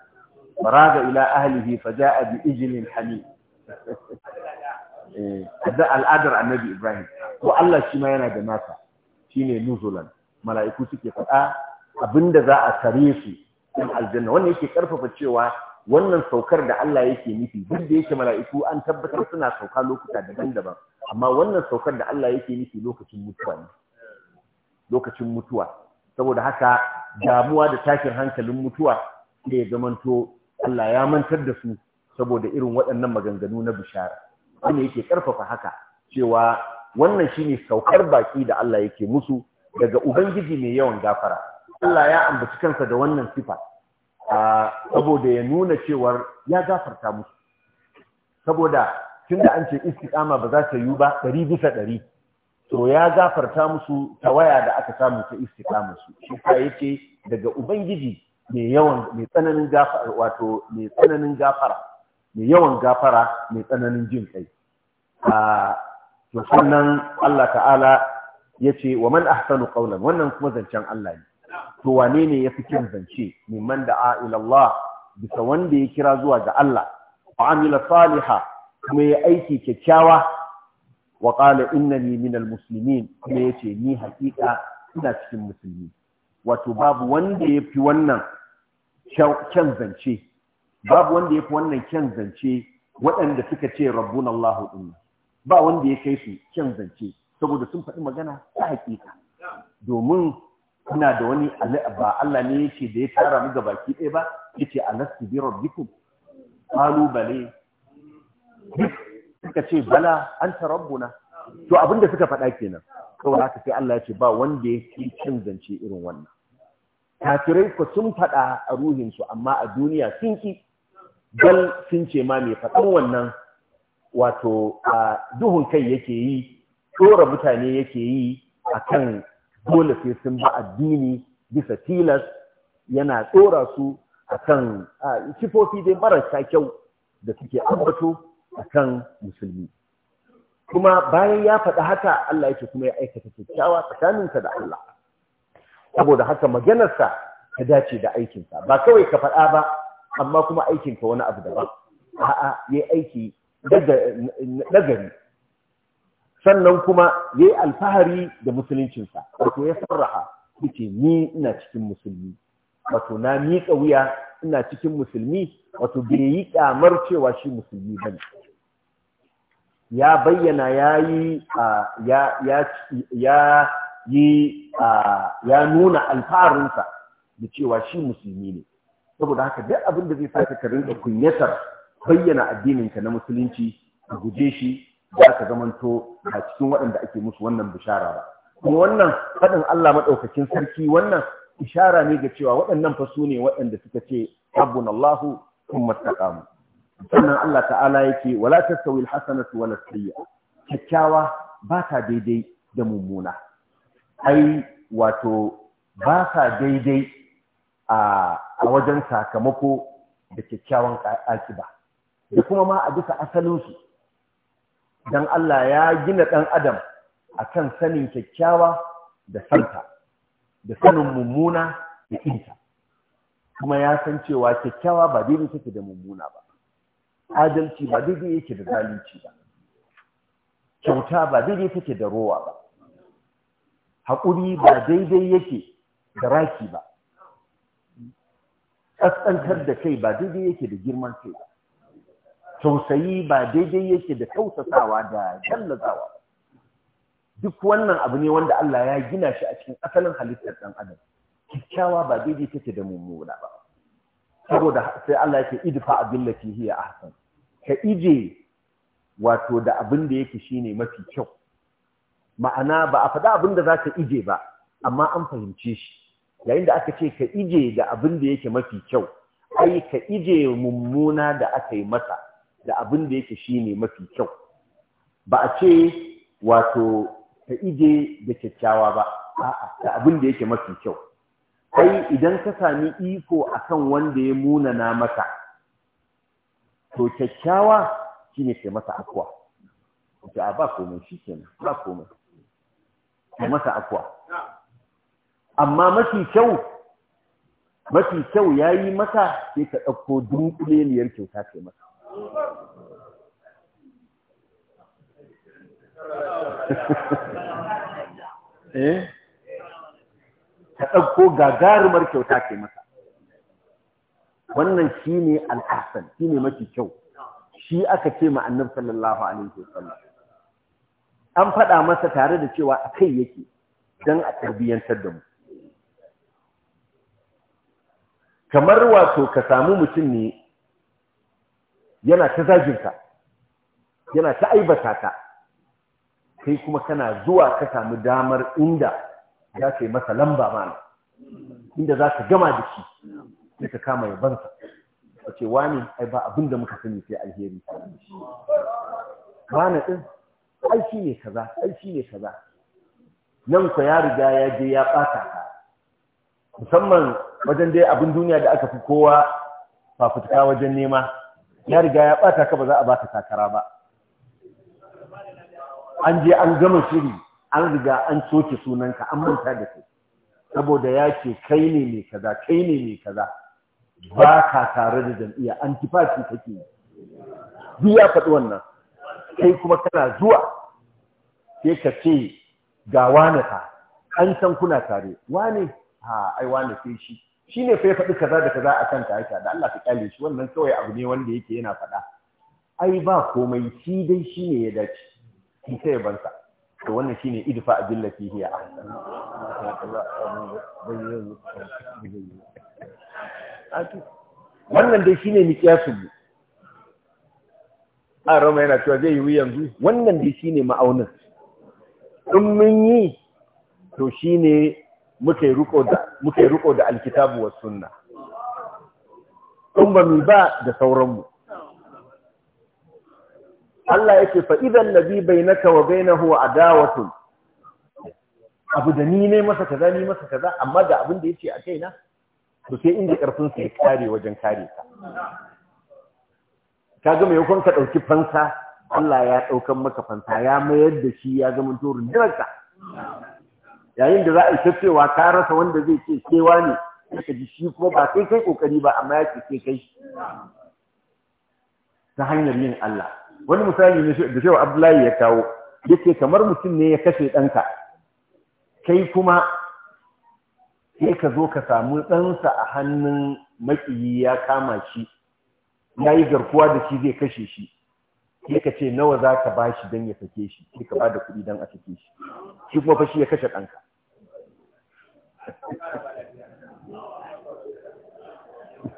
Speaker 1: faraga ila ahlihi faja'a bi ijlin hamid eh da al'adar annabi ibrahim ko Allah shi ma yana da nasa shine nuzulan mala'iku suke faɗa abinda za a tare su ɗin aljanna wannan yake karfafa cewa wannan saukar da Allah yake nufi duk da yake mala'iku an tabbatar suna sauka lokuta daban-daban amma wannan saukar da Allah yake nufi lokacin mutuwa ne lokacin mutuwa saboda haka damuwa da tashin hankalin mutuwa da ya zamanto Allah ya mantar da su saboda irin waɗannan maganganu na bishara wanda yake ƙarfafa haka cewa wannan shine saukar baki da Allah yake musu daga ubangiji mai yawan gafara
Speaker 3: Allah ya ambaci
Speaker 1: kansa da wannan sifa saboda ya nuna cewar ya gafarta musu saboda tunda an ce istiqama ba za ta yi ba ɗari bisa ɗari to ya gafarta musu ta waya da aka samu ta istiqama su shi ka yake daga ubangiji mai yawan mai tsananin gafara wato mai tsananin gafara mai yawan gafara mai tsananin jin kai a to sannan Allah ta'ala ya ce wa man ahsanu qawlan wannan kuma zancen Allah ne to wane ne yafi kin zance mimman da'a ila Allah bisa wanda ya kira zuwa ga Allah wa amila salihah kuma ya aiki kyakkyawa wa qala innani minal muslimin kuma yace ni hakika ina cikin musulmi wato babu wanda ya fi wannan kyan zance babu wanda ya fi wannan kyan zance waɗanda suka ce rabbun Allahu inna ba wanda ya kai su kyan zance saboda sun faɗi magana ta hakika domin ina da wani ba Allah ne ce da ya tara mu ga baki ɗaya ba yace alastu bi rabbikum qalu bale suka ce bala ta rabbuna to abinda suka faɗa kenan kawai haka sai Allah ya ce ba wanda ya fi cin zance irin wannan kafirai ku sun faɗa a ruhinsu amma a duniya sun ki bal sun ce ma mai faɗan wannan wato a duhun kai yake yi tsora mutane yake yi akan kan dole sai sun ba addini bisa tilas yana tsora su akan kan sifofi dai marasa kyau da suke ambato akan musulmi kuma bayan ya faɗi haka Allah yake kuma ya aikata kyakkyawa tsakaninka da Allah saboda haka maganarsa ta dace da aikinsa ba kawai ka faɗa ba amma kuma aikinka wani abu daban a'a yayi aiki nagari sannan kuma yayi alfahari da musuluncinsa wato ya sarraha yake ni ina cikin musulmi wato na miƙa wuya suna cikin musulmi wato bai yi kyamar cewa shi musulmi bane ya bayyana ya ya yi ya nuna alfarunsa, da cewa shi musulmi ne saboda haka duk abin da zai saka ka rinka kunyatar bayyana addininka na musulunci ka guje shi za ka zamanto a cikin waɗanda ake musu wannan bishara ba kuma wannan faɗin Allah maɗaukakin sarki wannan ishara ne ga cewa waɗannan fa su ne waɗanda suka ce abun Allahu kuma taqamu sannan Allah ta'ala yake wala tastawi alhasanatu wala sayya kyakkyawa ba ta daidai da mummuna ai wato ba ta daidai a wajen sakamako da kyakkyawan akiba da kuma ma a duka asalinsu Dan Allah ya gina ɗan adam a kan sanin kyakkyawa da santa da sanin mummuna da ita. kuma ya san cewa kyakkyawa ba daidai take da mummuna ba adalci ba daidai yake da zalunci ba kyauta ba daidai take da rowa ba haƙuri ba daidai yake da raki ba ƙasƙantar da kai ba daidai yake da girman kai ba tausayi ba daidai yake da tausasawa da jallazawa duk wannan abu ne wanda Allah ya gina shi a cikin asalin halittar ɗan adam kyakkyawa ba daidai take da mummuna ba saboda sai Allah yake idfa abillati hiya ahsan ka ije wato da abin da yake shine mafi kyau ma'ana ba a faɗa abin da za ka ije ba amma an fahimce shi yayin da aka ce ka ije da abin da yake mafi kyau ai ka ije mummuna da aka yi masa da abin da yake shine mafi kyau ba a ce wato ta ije da kyakkyawa ba a'a da abin da yake mafi kyau Sai idan ka sami iko akan wanda ya munana mata, to kyakkyawa shine ke masa akwa a ba komai shi kenan ba komai Ke masa akwa amma mafi kyau mafi kyau ya yi masa, sai ka ɗauko dunkuleliyar kyauta kai masa
Speaker 3: (laughs)
Speaker 1: Eh? ta ɗauko gagarumar kyauta ke masa wannan shi ne al’asar shi ne mafi kyau shi aka ce ma sallallahu alaihi wasallam an faɗa masa tare da cewa a kai yake don a tarbiyyantar da mu kamar wato ka samu mutum ne yana ta zajinka yana ta aibata ta. kai kuma kana zuwa ka samu damar inda za ka yi masa lamba mana inda za ka gama da shi sai ka kama yabansa ka ce wani ai ba abin da muka sani sai alheri na ɗin ai ne kaza ai ne kaza nan ku ya riga ya je ya ɓata ka musamman wajen dai abin duniya da aka fi kowa fafutuka wajen nema ya riga ya ɓata ka ba za a baka takara ba an je an gama shiri an riga an soke sunanka an manta da kai saboda ya ce kai ne mai kaza kai ne mai kaza ba ka tare da jam'iyya antifati kake yi Bi ya faɗi wannan kai kuma kana zuwa sai ka ce ga wane ka an san kuna tare wane ha ai wane sai shi shi ne fa ya faɗi kaza da kaza a kan ta haka da Allah ka kyale shi wannan kawai abu ne wanda yake yana faɗa ai ba komai shi dai shi ne ya dace shi sai sa? to wannan shine idfa billati hiya ahsan wannan dai shine miqyasu a roma yana cewa zai yi yanzu wannan dai shine ma'aunin in mun yi to shine muka yi riko da muka yi da alkitabu was sunna in ba ba da sauranmu Allah yake fa idan nabi bainaka wa bainahu adawatun abu da ni ne masa kaza ni masa kaza amma da abin da yake a kaina to sai inda karfin sa ya kare wajen kare ka kaga mai hukun dauki fansa Allah ya daukan maka fansa ya mayar da shi ya zama turin rundunarka yayin da za a yi cewa ka rasa wanda zai ce kewa ne ka ji shi kuma ba kai kai kokari ba amma ya ce kai ta hanyar yin Allah wani misali ne da cewa abdullahi ya kawo yake kamar mutum ne ya kashe ɗanka kai kuma sai ka zo ka samu ɗansa a hannun maƙiyi ya kama shi ya yi garkuwa da shi zai kashe shi sai ka ce nawa za ka ba shi don ya sake shi sai ka ba da kuɗi don a sake shi shi kuma fashi ya kashe ɗanka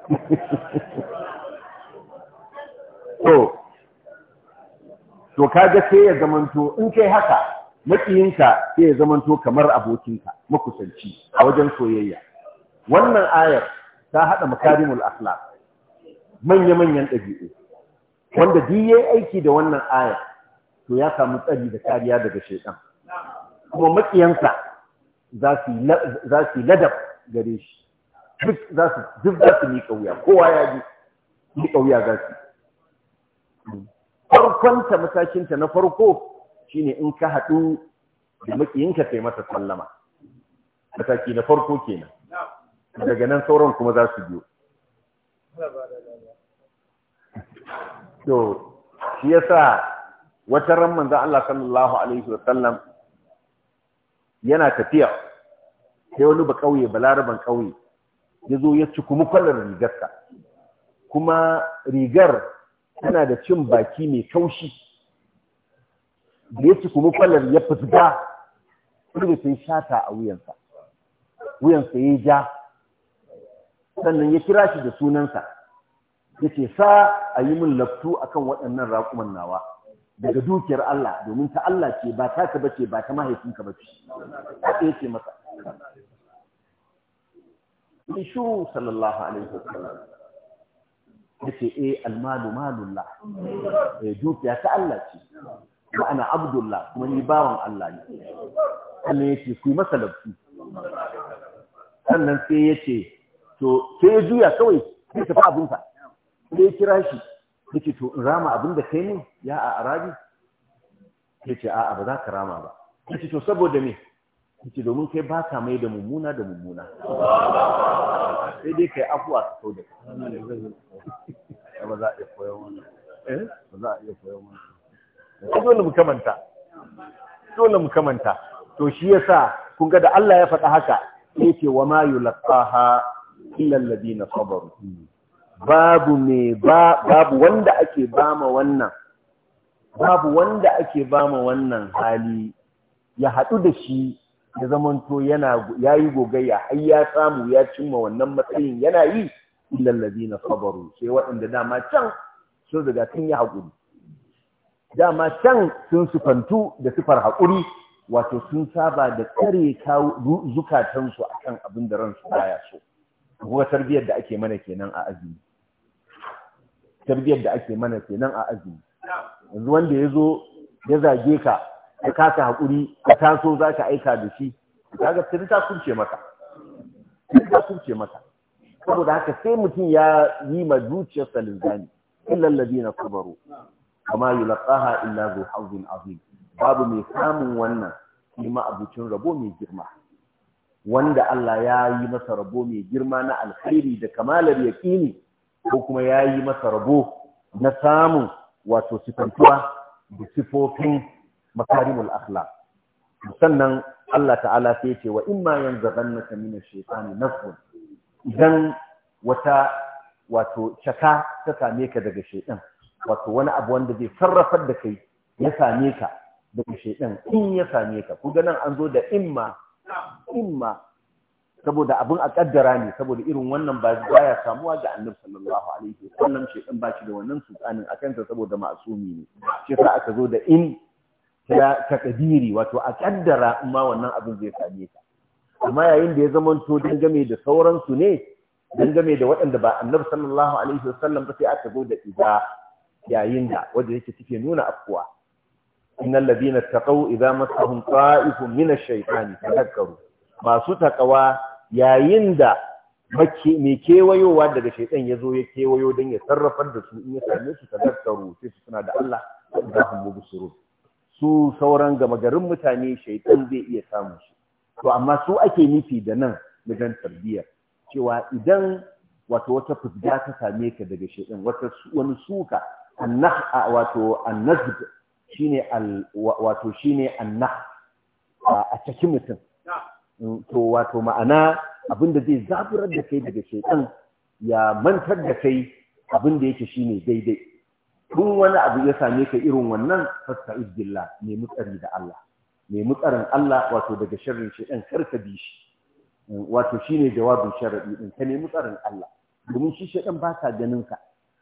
Speaker 3: (laughs)
Speaker 1: to to ka ga sai ya zamanto in kai haka makiyinka sai ya zamanto kamar abokinka makusanci a wajen soyayya wannan ayar ta haɗa makarimul akhlaq manya-manyan ɗabi'u wanda duk yayi aiki da wannan ayar to ya samu tsari da kariya daga shedan kuma makiyansa za su za ladab gare shi duk za su duk za su kowa ya ji miƙa wuya za su farkonta matakinta na farko shine in ka haɗu da makiyinka sai masa sallama mataki na farko kenan daga nan sauran kuma za su biyo to shi yasa wata ramman za Allah sallallahu alaihi Wasallam yana tafiya sai wani ba ƙauye ba Laraban ƙauye, ya zo ya ci kuma kwalar rigarsa kuma rigar tana da cin baki mai kaushi. da ya ci kuma kwalar ya fusga? Kuma da sai shata a wuyansa wuyansa ya ja sannan ya kira shi da sunansa ya ce sa a yi min laftu akan waɗannan raƙuman nawa daga dukiyar Allah domin ta Allah ce ba ta ka bace ba ta mahaifinka ba ce ya ce masa Ishu sallallahu alaihi wasallam yace eh almalu malullah eh dukiya ta Allah ce ma'ana ana abdullah kuma ni bawan Allah ne sannan yake ku masa sannan sai yace to sai ya juya kawai sai "Fa abin sa sai ya kira shi yace to in rama abin da kai ne ya a arabi yace a'a ba za ka rama ba yace to saboda me yace domin kai ba ka mai da mummuna da mummuna sai dai kai afuwa ka kau da kai
Speaker 2: ba za a iya koyon wannan eh? ba za a iya koyon wannan
Speaker 1: dole mu kamanta dole mu kamanta to shi yasa kun ga da Allah ya faɗa haka yake wa ma yulqaha illa alladhina sabaru babu me babu wanda ake bama wannan babu wanda ake bama wannan hali ya hadu da shi ya zamanto yana ya yi gogayya har ya samu ya cimma wannan matsayin yana yi illallazi na sabaru sai waɗanda dama can sun riga sun yi haƙuri dama can sun sufantu da sifar haƙuri wato sun saba da tsare zukatansu a kan abin da ransu baya so kuma tarbiyyar da ake mana kenan a azumi tarbiyyar da ake mana kenan a azumi yanzu wanda ya zo ya zage ka ka kasa haƙuri ka taso za ka aika da shi kaga tuni ta kunce maka ta kunce maka saboda haka sai mutum ya yi ma zuciyarsa linzami illa na kubaro kama yulqaha illa zu hazin azim babu mai samun wannan shi ma abucin rabo mai girma wanda Allah ya yi masa rabo mai girma na alkhairi da kamalar yaqini ko kuma ya yi masa rabo na samun wato sifantuwa da sifofin makarimul akhlaq sannan Allah ta'ala sai ya ce wa imma yanzaghannaka min ash-shaytani nazghun idan wata wato caka ta same ka daga shaytan wato wani abu wanda zai sarrafar da kai ya same ka daga shaytan in ya same ka ku nan an zo da imma imma saboda abin a kaddara ne saboda irin wannan ba ya samuwa ga annabi sallallahu alaihi wasallam shaytan ba shi da wannan tsakanin akan ta saboda ma'asumi ne shi sa aka zo da in ta takadiri wato a kaddara ma wannan abin zai same ta. amma yayin da ya zamanto dangane da sauransu ne dangane da waɗanda ba annabi sallallahu alaihi wasallam ba sai aka zo da iza yayin da wanda yake cike nuna afkuwa innal ladina taqaw idza masahum ta'ifun min ash shaytan tadhakkaru masu takawa yayin da mai kewayowa daga shaitan ya zo ya kewayo don ya sarrafar da su in ya same su tadhakkaru sai su suna da Allah da hum mubsirun su sauran gama garin mutane shaitan zai iya samun shi to amma su ake nufi da nan wajen tarbiyyar cewa idan wato wata fusga ta same ka daga shaitan wata wani suka annah wato annazb shine al wato annah a cikin mutum to wato ma'ana abinda zai zaburar da kai daga shaitan ya mantar da kai abinda yake ne daidai Tun wani abu ya same ka irin wannan fasta billah ne mutsari da Allah ne mutsarin Allah wato daga sharrin shedan karka bi shi wato shine jawabin sharaɗi ɗin, ka ne mutsarin Allah domin shi shedan ba ka ganin ka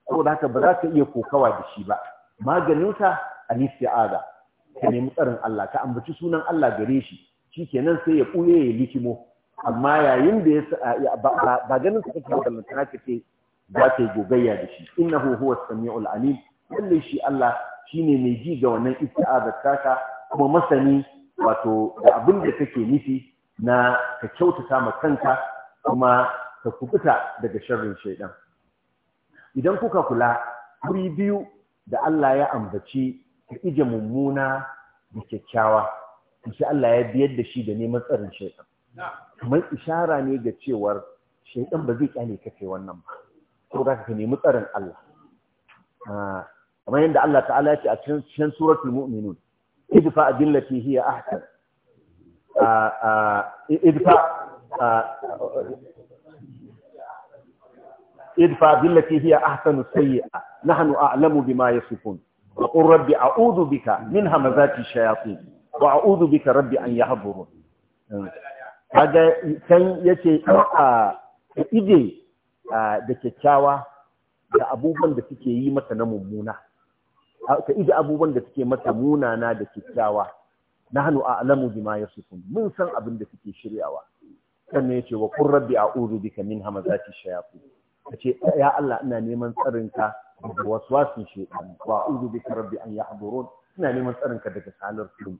Speaker 1: saboda haka ba za ka iya kokawa da shi ba maganin sa al-isti'aza ka ne mutsarin Allah ka ambaci sunan Allah gare shi shi kenan sai ya ɓuye ya likimo amma yayin da ya ba ganin sa kake da lantana kace za ka yi gogayya da shi innahu huwa samiul alim lalle shi Allah shine mai ji ga wannan isti'azar taka kuma masani wato da abin da kake nufi na ka kyautata ma kanka kuma ka kubuta daga sharrin shaidan idan kuka kula wuri biyu da Allah ya ambaci ka ije mummuna da kyakkyawa shi Allah ya biyar da shi da neman tsarin shaidan kamar ishara ne ga cewar shaidan ba zai kyale kake wannan ba za ka nemi tsarin Allah ah, kamar yadda Allah ta'ala ya ce a cikin suratul mu'minun idfa billati hiya ahsan idfa idfa billati hiya ahsanu sayyi'a nahnu a'lamu bima yasifun wa qur rabbi a'udhu bika min hamazati shayatin wa a'udhu bika rabbi an yahdurun kaga kan yace a ije da kyakkyawa da abubuwan da suke yi masa na mummuna ka iji abubuwan da suke mata munana da kyakkyawa na a a'lamu bima yasifun mun san abin da suke shiryawa sannan ce, wa kun rabbi a'udhu bika min hamazati shayatin ce ya Allah ina neman tsarinka daga waswasin shaytan wa a'udhu ka rabbi an yahdurun ina neman tsarinka daga salar kullu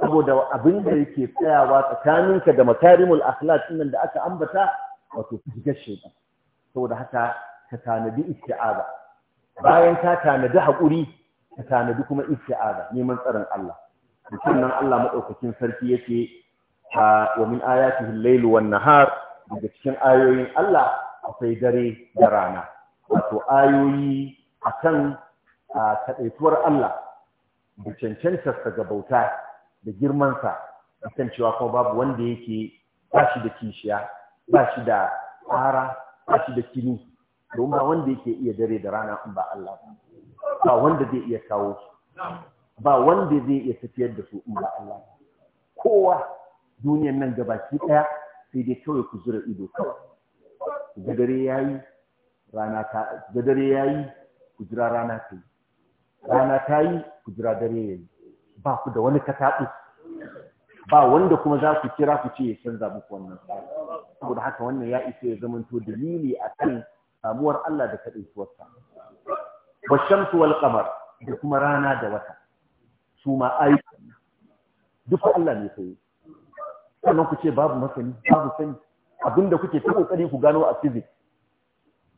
Speaker 1: saboda abin da yake tsayawa tsakaninka da makarimul akhlaq nan da aka ambata wato fitar shaytan saboda haka ka tanadi isti'aza bayan ka tanadi haƙuri ka tanadi kuma isti'aza neman tsaron Allah mutum nan Allah madaukakin sarki yake wa min ayatihi al-layl wan nahar daga cikin ayoyin Allah akwai dare da rana wato ayoyi akan kadaituwar Allah da cancanta sa ga bauta da girman sa akan cewa kuma babu wanda yake bashi da kishiya bashi da tsara bashi da kini Don ba wanda yake iya dare da rana in ba Allah ba ba wanda zai iya kawo su ba wanda zai iya tafiyar da su in Allah kowa duniyar nan gabaki daya sai dai kawai ku zura ido kawai ga dare yayi rana ta dare yayi ku jira rana ta yi rana ta yi ku jira dare yayi ba ku da wani katabi? ba wanda kuma za ku kira ku ce ya canza muku wannan saboda haka wannan ya isa ya zamanto dalili akan samuwar Allah da kadaituwarsa washamsu wal qamar da kuma rana da wata su ma ayi duk Allah ne sai sannan ku ce babu masani babu sani abinda kuke ta kokari ku gano a fizik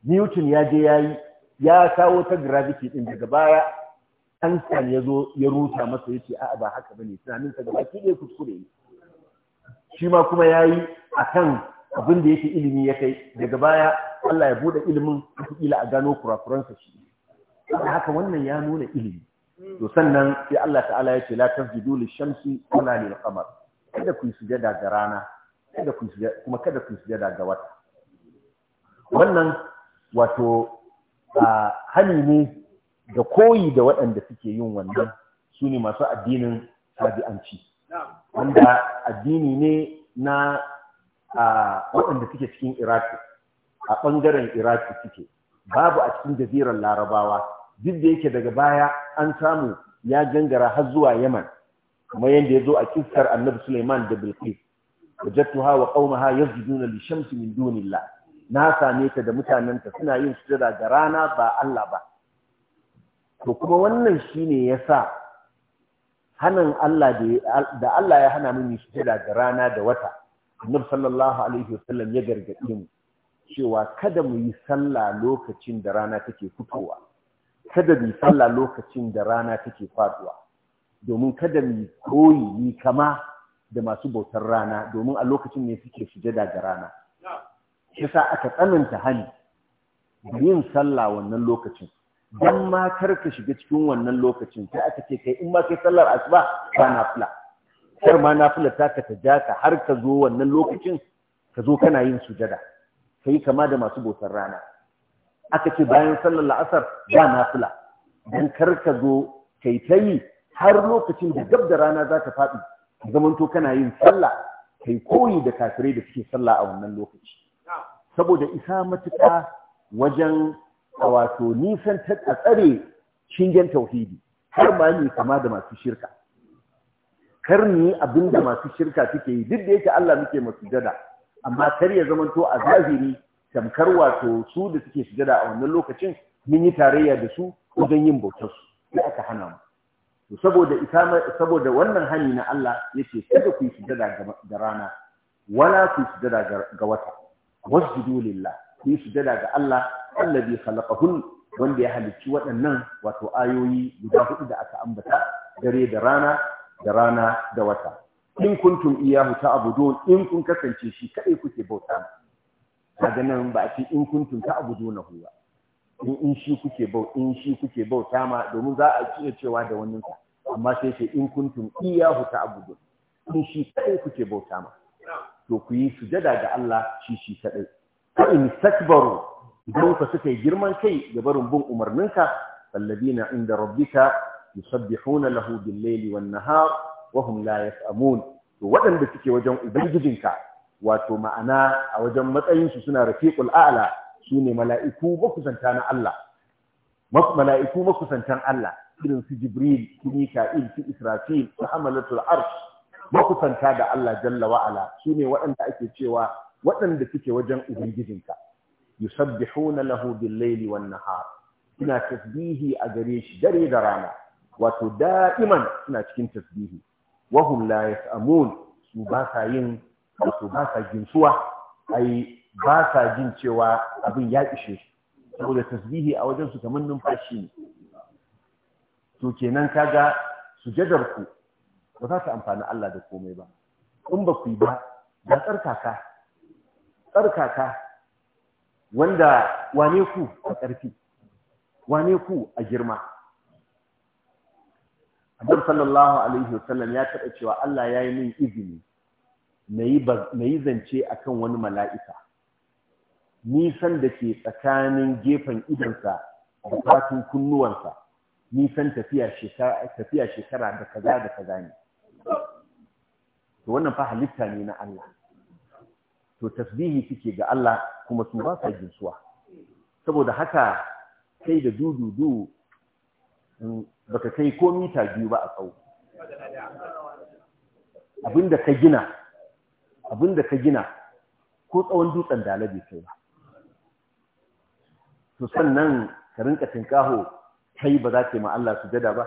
Speaker 1: Newton ya je yayi ya kawo ta gravity din daga baya Einstein ya zo ya rusa masa ya ce a'a ba haka bane tunanin sa gaba ki kuskure ne shi ma kuma yayi akan abin da yake ilimi ya kai daga baya Allah ya bude ilimin kila a gano kurakuransa shi haka wannan ya nuna ilimi to sannan sai Allah ta'ala ya ce la tasjudu lishamsi shamsi wala lilqamar kada ku sujada ga rana kada ku kuma kada ku sujada ga wata wannan wato hani ne da koyi da waɗanda suke yin wannan su masu addinin tabi'anci wanda addini ne na waɗanda suke cikin iraki a ɓangaren iraki suke babu a cikin jazirar larabawa duk da yake daga baya an samu ya gangara har zuwa yaman kamar yadda ya zo a kissar annabi suleiman da bilqis ha wa qaumaha yasjuduna li shamsi min dunillah na same ta da mutanenta suna yin sujada ga rana ba Allah ba to kuma wannan shine yasa hanan Allah da Allah ya hana mini sujada ga rana da wata annabi sallallahu alaihi wasallam ya gargaɗe mu cewa kada mu yi sallah lokacin da rana take fitowa kada mu sallah lokacin da rana take faduwa domin kada mu koyi ni kama da masu bautar rana domin a lokacin ne suke sujada ga rana kisa aka tsananta hali yin sallah wannan lokacin dan ma kar ka shiga cikin wannan lokacin sai aka ce kai in ma kai sallar asuba ba nafila kar ma nafila ta ka ta ja ka har ka zo wannan lokacin ka zo kana yin sujada kai kama da masu bautar rana aka ce bayan sallar la'asar ba na dan kar ka zo kai ta yi har lokacin da gab da rana za ta faɗi zamanto kana yin sallah kai koyi da kafirai da suke sallah a wannan lokaci saboda isa matuka wajen a wato nisan a tsare shingen tauhidi har ma ne kama da masu shirka kar ni abin da masu shirka suke yi duk da yake Allah muke masu jada amma kar ya zamanto a zahiri tamkar wato su da suke sujada a wannan lokacin mun yi tarayya da su wajen yin bautar su sai aka hana mu to saboda ita saboda wannan hani na Allah yace kada ku yi sujada ga rana wala ku yi sujada ga wata wasjudu lillah ku yi sujada ga Allah allazi khalaqahun wanda ya halicci waɗannan wato ayoyi guda hudu da aka ambata dare da rana da rana da wata in kuntum iyahu ta'budun in kun kasance shi kai kuke bauta kaga nan ba a ce in kuntum ta abudu na huwa in in shi kuke bau in shi kuke bauta ma domin za a iya cewa da wannan ka. amma sai ce in kuntum iyahu ta abudu in shi kadai kuke bauta ma to ku yi sujada ga Allah shi shi kadai fa in sakbaru, idan ku suka yi girman kai ga barin bin umarninka alladina inda rabbika yusabbihuna lahu bil-laili wan-nahar wa hum la yas'amun to waɗanda suke wajen ubangijinka wato ma'ana a wajen matsayinsu suna rafiqul a'la su ne mala'iku makusanta na Allah mala'iku makusantan Allah irin su Jibril su Mika'il su Israfil su Hamalatul Arsh makusanta da Allah jalla wa ala su ne waɗanda ake cewa waɗanda suke wajen ubangijinka yusabbihuna lahu bil layli wan-nahar suna tasbihi a gare shi dare da rana wato da'iman suna cikin tasbihi wahum la yas'amun su ba sa yin wato ba sa ginsuwa ai ba sa jin cewa abin ya ishe su saboda tasbihi a wajen su kamar numfashi ne to kenan kaga sujadar ku ba za ta amfani Allah da komai ba in ba ku yi ba da tsarkaka tsarkaka wanda wane ku a ƙarfi wane ku a girma Annabi sallallahu alaihi wasallam ya taɓa cewa Allah ya yi min izini na yi zance a kan wani mala'ika nisan da ke tsakanin gefen idansa da fatin kunnuwansa nisan tafiya shekara da kaza da kaza ne to wannan fa halitta ne na Allah to tasbihi suke ga Allah kuma su ba sa jinsuwa saboda haka sai da dududu mm, baka kai ko mita biyu ba a tsawo da ka gina abinda ka gina ko tsawon dutsen dala bai kai ba to sannan ka rinka tinkaho kai ba za ka yi ma Allah sujada ba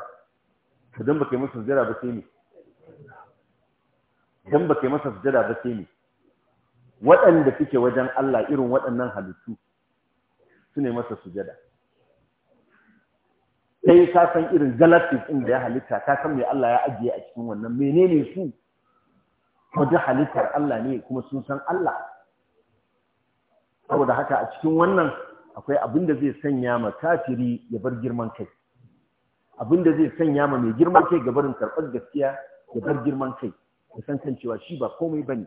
Speaker 1: to dan ka yi masa sujada ba sai ni dan yi masa sujada ba sai ni waɗanda suke wajen Allah irin waɗannan halittu su ne masa sujada sai ka san irin galaxy ɗin da ya halitta ka san me Allah ya ajiye a cikin wannan menene su wajen halittar Allah ne kuma sun san Allah saboda haka a cikin wannan akwai abin da zai sanya ma kafiri ya bar girman kai abin da zai sanya ma mai girman kai ga barin karɓar gaskiya ya bar girman kai ya san kan cewa shi ba komai bane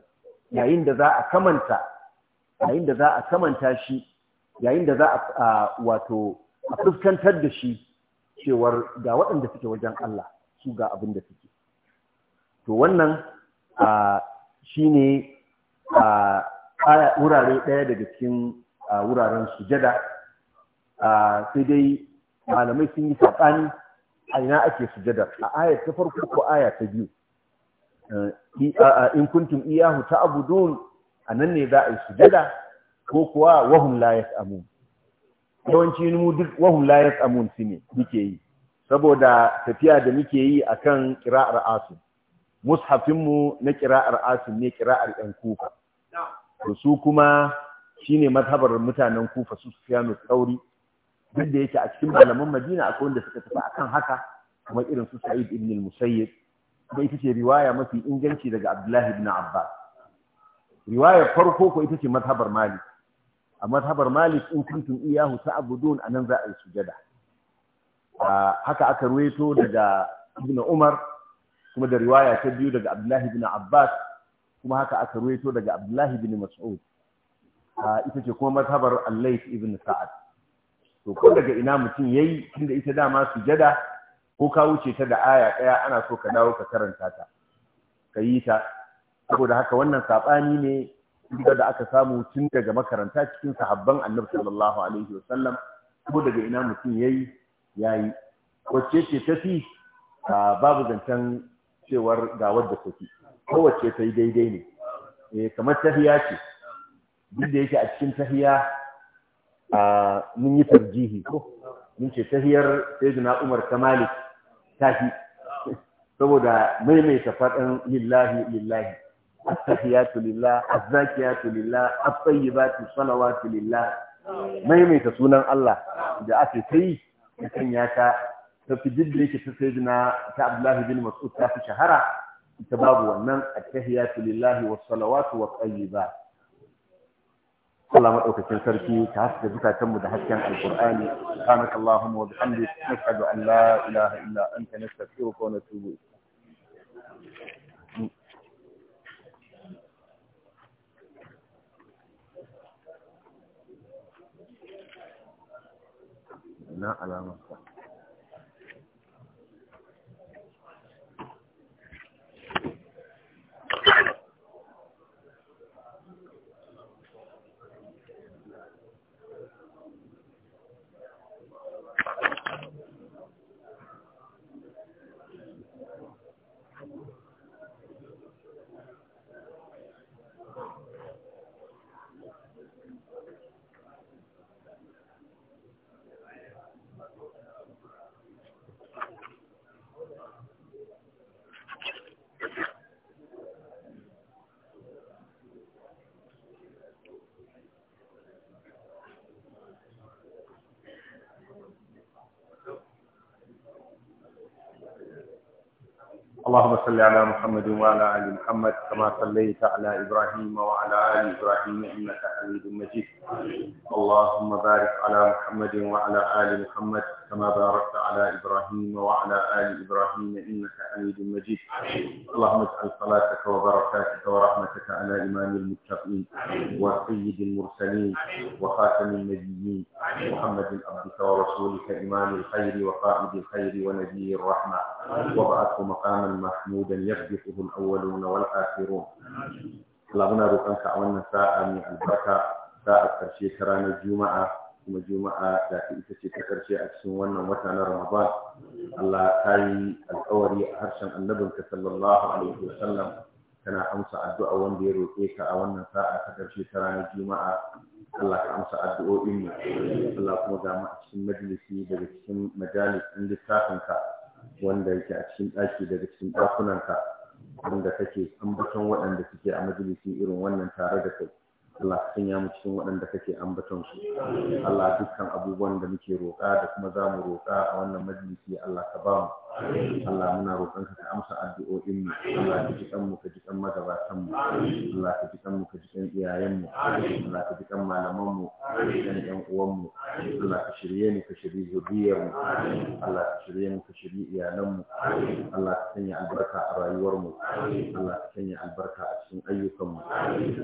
Speaker 1: yayin kamanta yayin da za a kamanta shi yayin da za a wato a fuskantar da shi cewar ga waɗanda suke wajen Allah su ga abin da suke to wannan shine wurare ɗaya daga cikin wuraren sujada sai dai malamai sun yi saɓani a ina ake sujada a ayar ta farko ko aya ta biyu eh, in kuntum iyahu ta abudun a nan ne za a yi sujada ko kuwa wahum la yas'amun yawanci mu duk wahum la yas'amun su ne muke yi saboda tafiya da muke yi akan kira'ar asu mushafinmu na kira'ar asin ne kira'ar yan kufa to su kuma shine mazhabar mutanen kufa su mai tsauri duk da yake a cikin malaman madina akwai wanda suka tafi a kan haka kuma irin su sa'id ibn al-musayyib kuma ita ce riwaya mafi inganci daga abdullahi ibn Abba. riwaya farko ko ita ce mazhabar malik a mazhabar malik in kuntum iyahu a nan za a yi sujada haka aka ruwaito daga ibn umar kuma da riwaya ta biyu daga Abdullahi bin Abbas kuma haka aka ruwaito daga Abdullahi bin Mas'ud ita ce kuma mazhabar al ibn Sa'ad to ko daga ina mutum yayi tunda ita dama sujada ko ka wuce ta da aya daya ana so ka dawo ka karanta ta ka ta saboda haka wannan sabani ne inda da aka samu tun daga makaranta cikin sahabban Annabi sallallahu alaihi wasallam ko daga ina mutum yayi yayi wacce ce tafi babu zancen cewar ga wadda take kowace ta yi daidai ne eh kamar tahiya ce duk da yake a cikin tahiya a mun yi tarjihi ko mun ce tahiyar sayyidina Umar ta Malik tahi saboda maimaita faɗan lillahi lillahi attahiyatu lillah zakiyatu lillah at-tayyibatu salawatu lillah maimaita sunan Allah da ake kai kan ya ta tafi duk da yake ta sayyidina ta Abdullahi bin Mas'ud ta fi shahara ita babu wannan attahiyatu lillahi was salawatu was tayyibat Allah madaukakin sarki ta haska zukatan mu da hasken alqur'ani subhanaka
Speaker 2: allahumma wa bihamdika nashhadu an la ilaha illa anta nastaghfiruka wa natubu ilayk na alama اللهم صل على محمد وعلى ال محمد كما صليت على ابراهيم وعلى ال ابراهيم انك حميد مجيد اللهم بارك على محمد وعلى ال محمد كما باركت على إبراهيم وعلى آل إبراهيم إنك حميد مجيد اللهم اجعل صلاتك وبركاتك ورحمتك على إمام المتقين وسيد المرسلين وخاتم النبيين محمد عبدك ورسولك إمام الخير وقائد الخير ونبي الرحمة وابعثه مقاما محمودا يخلفه الأولون والآخرون اللهم ارزقنا عنا ساعة من البركة ساعة ترشيك رانا الجمعة kuma juma'a da ita ce ta karshe a cikin wannan wata na ramadan Allah ta yi alkawari a harshen annabinka sallallahu alaihi sallam kana amsa addu'a wanda ya roƙe ka a wannan sa'a ta karshe ta ranar juma'a Allah ka amsa addu'o'in mu Allah kuma ga mu a cikin majalisi daga cikin majalis ɗin littafin ka wanda yake a cikin ɗaki daga cikin ɗakunan ka wanda kake ambaton waɗanda suke a majalisi irin wannan tare da kai Allah sanya mu cikin waɗanda kake ambaton su Allah dukkan abubuwan da muke roƙa da kuma za mu roƙa a wannan majalisi Allah ka ba mu Allah muna roƙon ka amsa addu'o'in mu Allah ka ji kan mu ka ji kan magabatan mu Allah ka ji kan mu ka ji kan iyayen mu Allah ka ji kan malaman mu ka ji kan uwan mu Allah ka shirye mu ka shirye zuriyar mu Allah ka shirye mu ka shirye iyalan mu Allah ka sanya albarka a rayuwar mu Allah ka sanya albarka a cikin ayyukan mu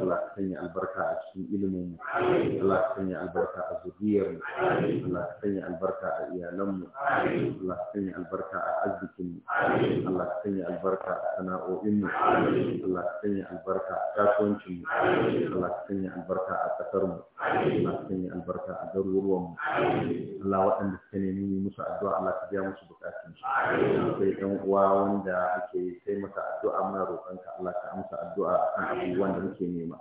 Speaker 2: Allah ka sanya albarka a cikin ilimin mu Allah ka sanya albarka a zuriyar mu Allah ka sanya albarka a iyalan mu Allah ka sanya albarka a arzikin mu Allah ka sanya albarka a sana'o'in mu Allah ka sanya albarka a kasuwancin mu Allah ka sanya albarka a kasar mu Allah ka sanya albarka a garuruwan mu Allah waɗanda suka nemi musu addu'a Allah ka biya musu bukatun su sai dan uwa wanda ake sai masa addu'a muna roƙonka Allah ka amsa addu'a akan abubuwan da muke nema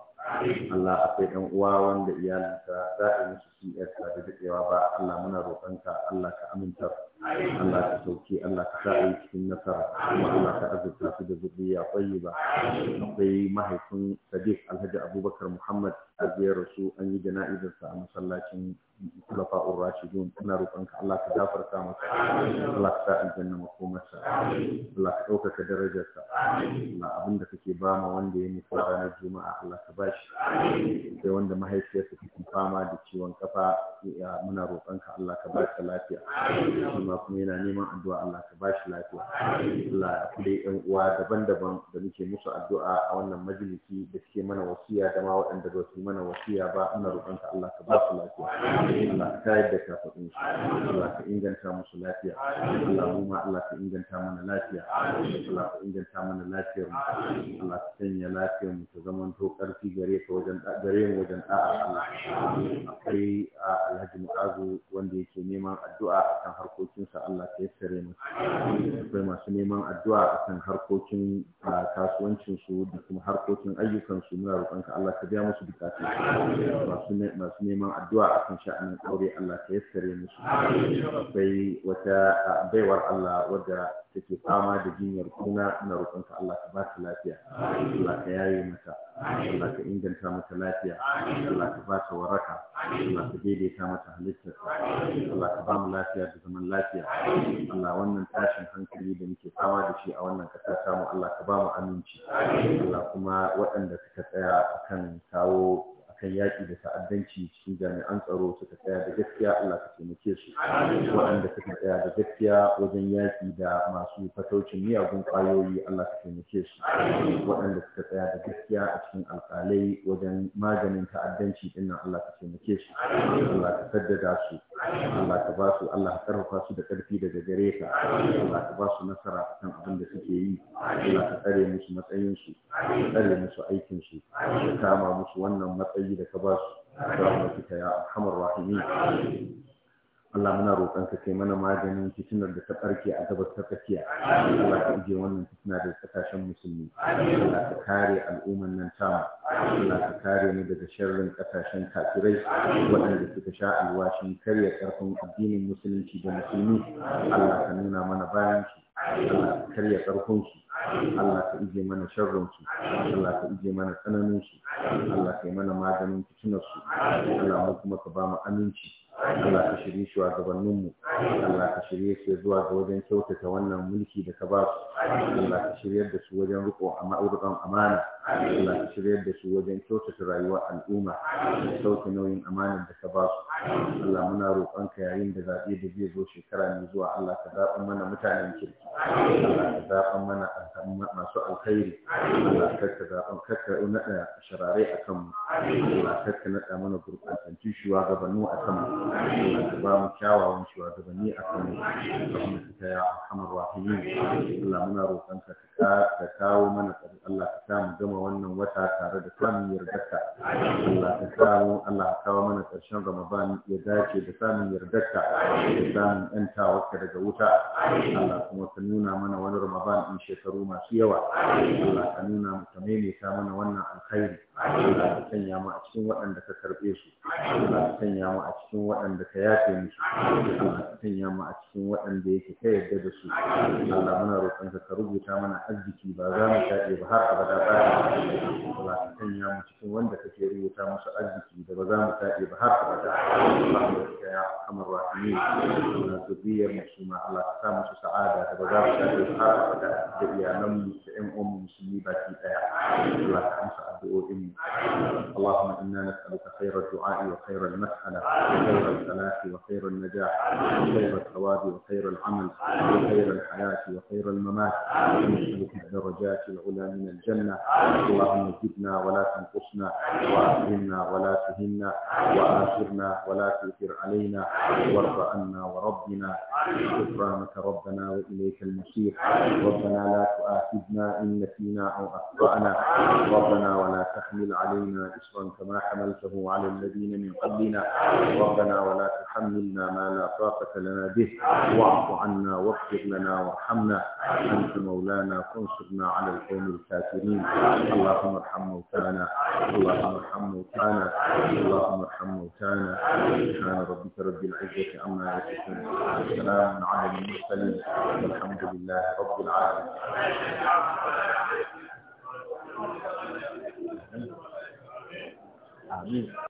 Speaker 2: Allah akwai ɗan uwa wanda iyalinsa za a yi musu CS da daɗewa ba Allah muna roƙonka Allah ka aminta Allah ka sauke Allah ka sa yi cikin nasara kuma Allah ka azurta su da zuriya ƙwayi ba akwai mahaifin Sadiq Alhaji Abubakar Muhammad a su an yi jana'izarsa a masallacin خلفاء الراشدون أنا روحك الله كدافر كامك الله كساء الجنة مقومة الله كأوكك كدرجة الله أبندك كباما واندي مفارنة الجمعة الله كباش ما هي mahaifiyarsa take fama دي ciwon كفا muna roƙonka Allah ka ba shi lafiya kuma kuma yana neman addu'a Allah ka ba shi lafiya Allah ya akwai ɗan uwa daban-daban da muke musu addu'a a wannan majalisi da suke mana wasiya da ma waɗanda ba su mana wasiya ba muna roƙonka Allah ka ba su lafiya Allah ka tayar da kafaɗin su Allah ka inganta musu lafiya Allah mu ma Allah ka inganta mana lafiya Allah ka inganta mana lafiyar mu Allah ka sanya lafiyar mu ta zama to ƙarfi gare ka wajen gare mu wajen da'a Allah akwai alhaji mu'azu wanda yake neman addu'a a kan harkokinsa Allah ta yassare masa akwai masu neman addu'a a kan harkokin kasuwancinsu da kuma harkokin ayyukansu muna roƙon ka Allah ka biya musu bukatu masu neman addu'a a akan sha'anin aure Allah ta yassare musu akwai wata baiwar Allah wadda take fama da jinyar kuna na roƙonka Allah ka ba ta lafiya Allah ka yaye mata Allah ka inganta mata lafiya Allah ka ba ta waraka Allah ka daidaita mata halittar Allah ka ba mu lafiya da zaman lafiya Allah wannan tashin hankali da muke fama da shi a wannan ƙasa ta mu Allah ka ba mu aminci Allah kuma waɗanda suka tsaya akan kawo suka yaƙi da ta'addanci su jami'an tsaro suka tsaya da gaskiya Allah ka taimake su waɗanda suka tsaya da gaskiya wajen yaƙi da masu fataucin miyagun ƙwayoyi Allah ka taimake su waɗanda suka tsaya da gaskiya a cikin alƙalai wajen maganin ta'addanci ɗin Allah ka taimake su Allah ka saddada su Allah ka ba su Allah ka karfafa su da karfi daga gare ka Allah ka ba su nasara kan abin da suke yi Allah ka tsare musu matsayin su ka tsare musu aikin su ka kama musu wannan matsayi da ka ba su rahmatika ya arhamar rahimin Allah muna roƙon ka kai mana maganin fitinar da ta ɓarke a gabas ta tafiya, Allah ka ije wannan fitina da kasashen musulmi. Allah ka kare al'umman nan tamu. Allah ka kare mu daga sharrin kasashen kafirai waɗanda suka sha alwashin karya ƙarfin addinin musulunci da musulmi. Allah ka nuna mana bayan shi. Allah ka karya ƙarfin shi. Allah ka ije mana sharrin su. Allah ka ije mana tsananin su. Allah ka yi mana maganin fitinar su. Allah mu kuma ka ba mu aminci. Allah ka shirye shi wa mu Allah ka shirye su zuwa ga wajen kyautata wannan mulki da ka ba su Allah ka shiryar da su wajen riko amana amana Allah ka shiryar da su wajen kyautata rayuwar al'umma da sauke nauyin amanar da ka ba su Allah muna roƙonka yayin da zaɓe da zai zo shekara mai zuwa Allah ka zaɓa mana mutanen kirki Allah ka zaɓa mana masu alkhairi Allah karka zaɓen karka naɗa shararai akan mu. Allah karka naɗa mana gurɓatanci shugabanni akan mu. Allah ka ba mu kyawawan shugabanni a kanmu rahmatuka ya arhamar rahimin Allah muna roƙon ka ka kawo mana Allah ka sa mu gama wannan wata tare da samun yardarka Allah ka kawo Allah ka kawo mana ƙarshen Ramadan ya dace da samun yardarka da samun 'yantawarka daga wuta Allah kuma ka nuna mana wani Ramadan in shekaru masu yawa Allah ka nuna mu ka mana wannan alkhairi Allah sanya mu a cikin waɗanda ka karɓe su Allah sanya mu a cikin waɗanda ka yafe musu Allah sanya mu a cikin waɗanda yake ka yarda da su Allah muna roƙon ka ka rubuta mana arziki ba za mu shaɗe ba har abada ba Allah ka sanya mu cikin wanda ke rubuta musu arziki da ba za mu shaɗe ba har abada Allah ka ya kamar rahimi na zuriyar mu su ma Allah ka sa musu sa'ada da ba za mu shaɗe ba har abada da mu da ƴan uwan musulmi baki ɗaya Allah ka amsa addu'o'in المسلمين اللهم إنا نسألك خير الدعاء وخير المسألة وخير الفلاح وخير النجاح وخير الثواب وخير العمل وخير الحياة وخير الممات ونسألك الدرجات العلى من الجنة اللهم زدنا ولا تنقصنا وأكرمنا ولا تهنا وآثرنا ولا تؤثر علينا وارض عنا وربنا سبحانك ربنا وإليك المصير ربنا لا تؤاخذنا إن نسينا أو أخطأنا ربنا ولا تحمل تحمل علينا إصرا كما حملته على الذين من قبلنا ربنا ولا تحملنا ما لا طاقة لنا به واعف عنا واغفر لنا وارحمنا أنت مولانا فانصرنا على القوم الكافرين اللهم ارحم موتانا اللهم ارحم موتانا اللهم ارحم موتانا سبحان ربك رب العزة عما يصفون سلام على المرسلين والحمد لله رب العالمين
Speaker 3: Thank you. 嗯。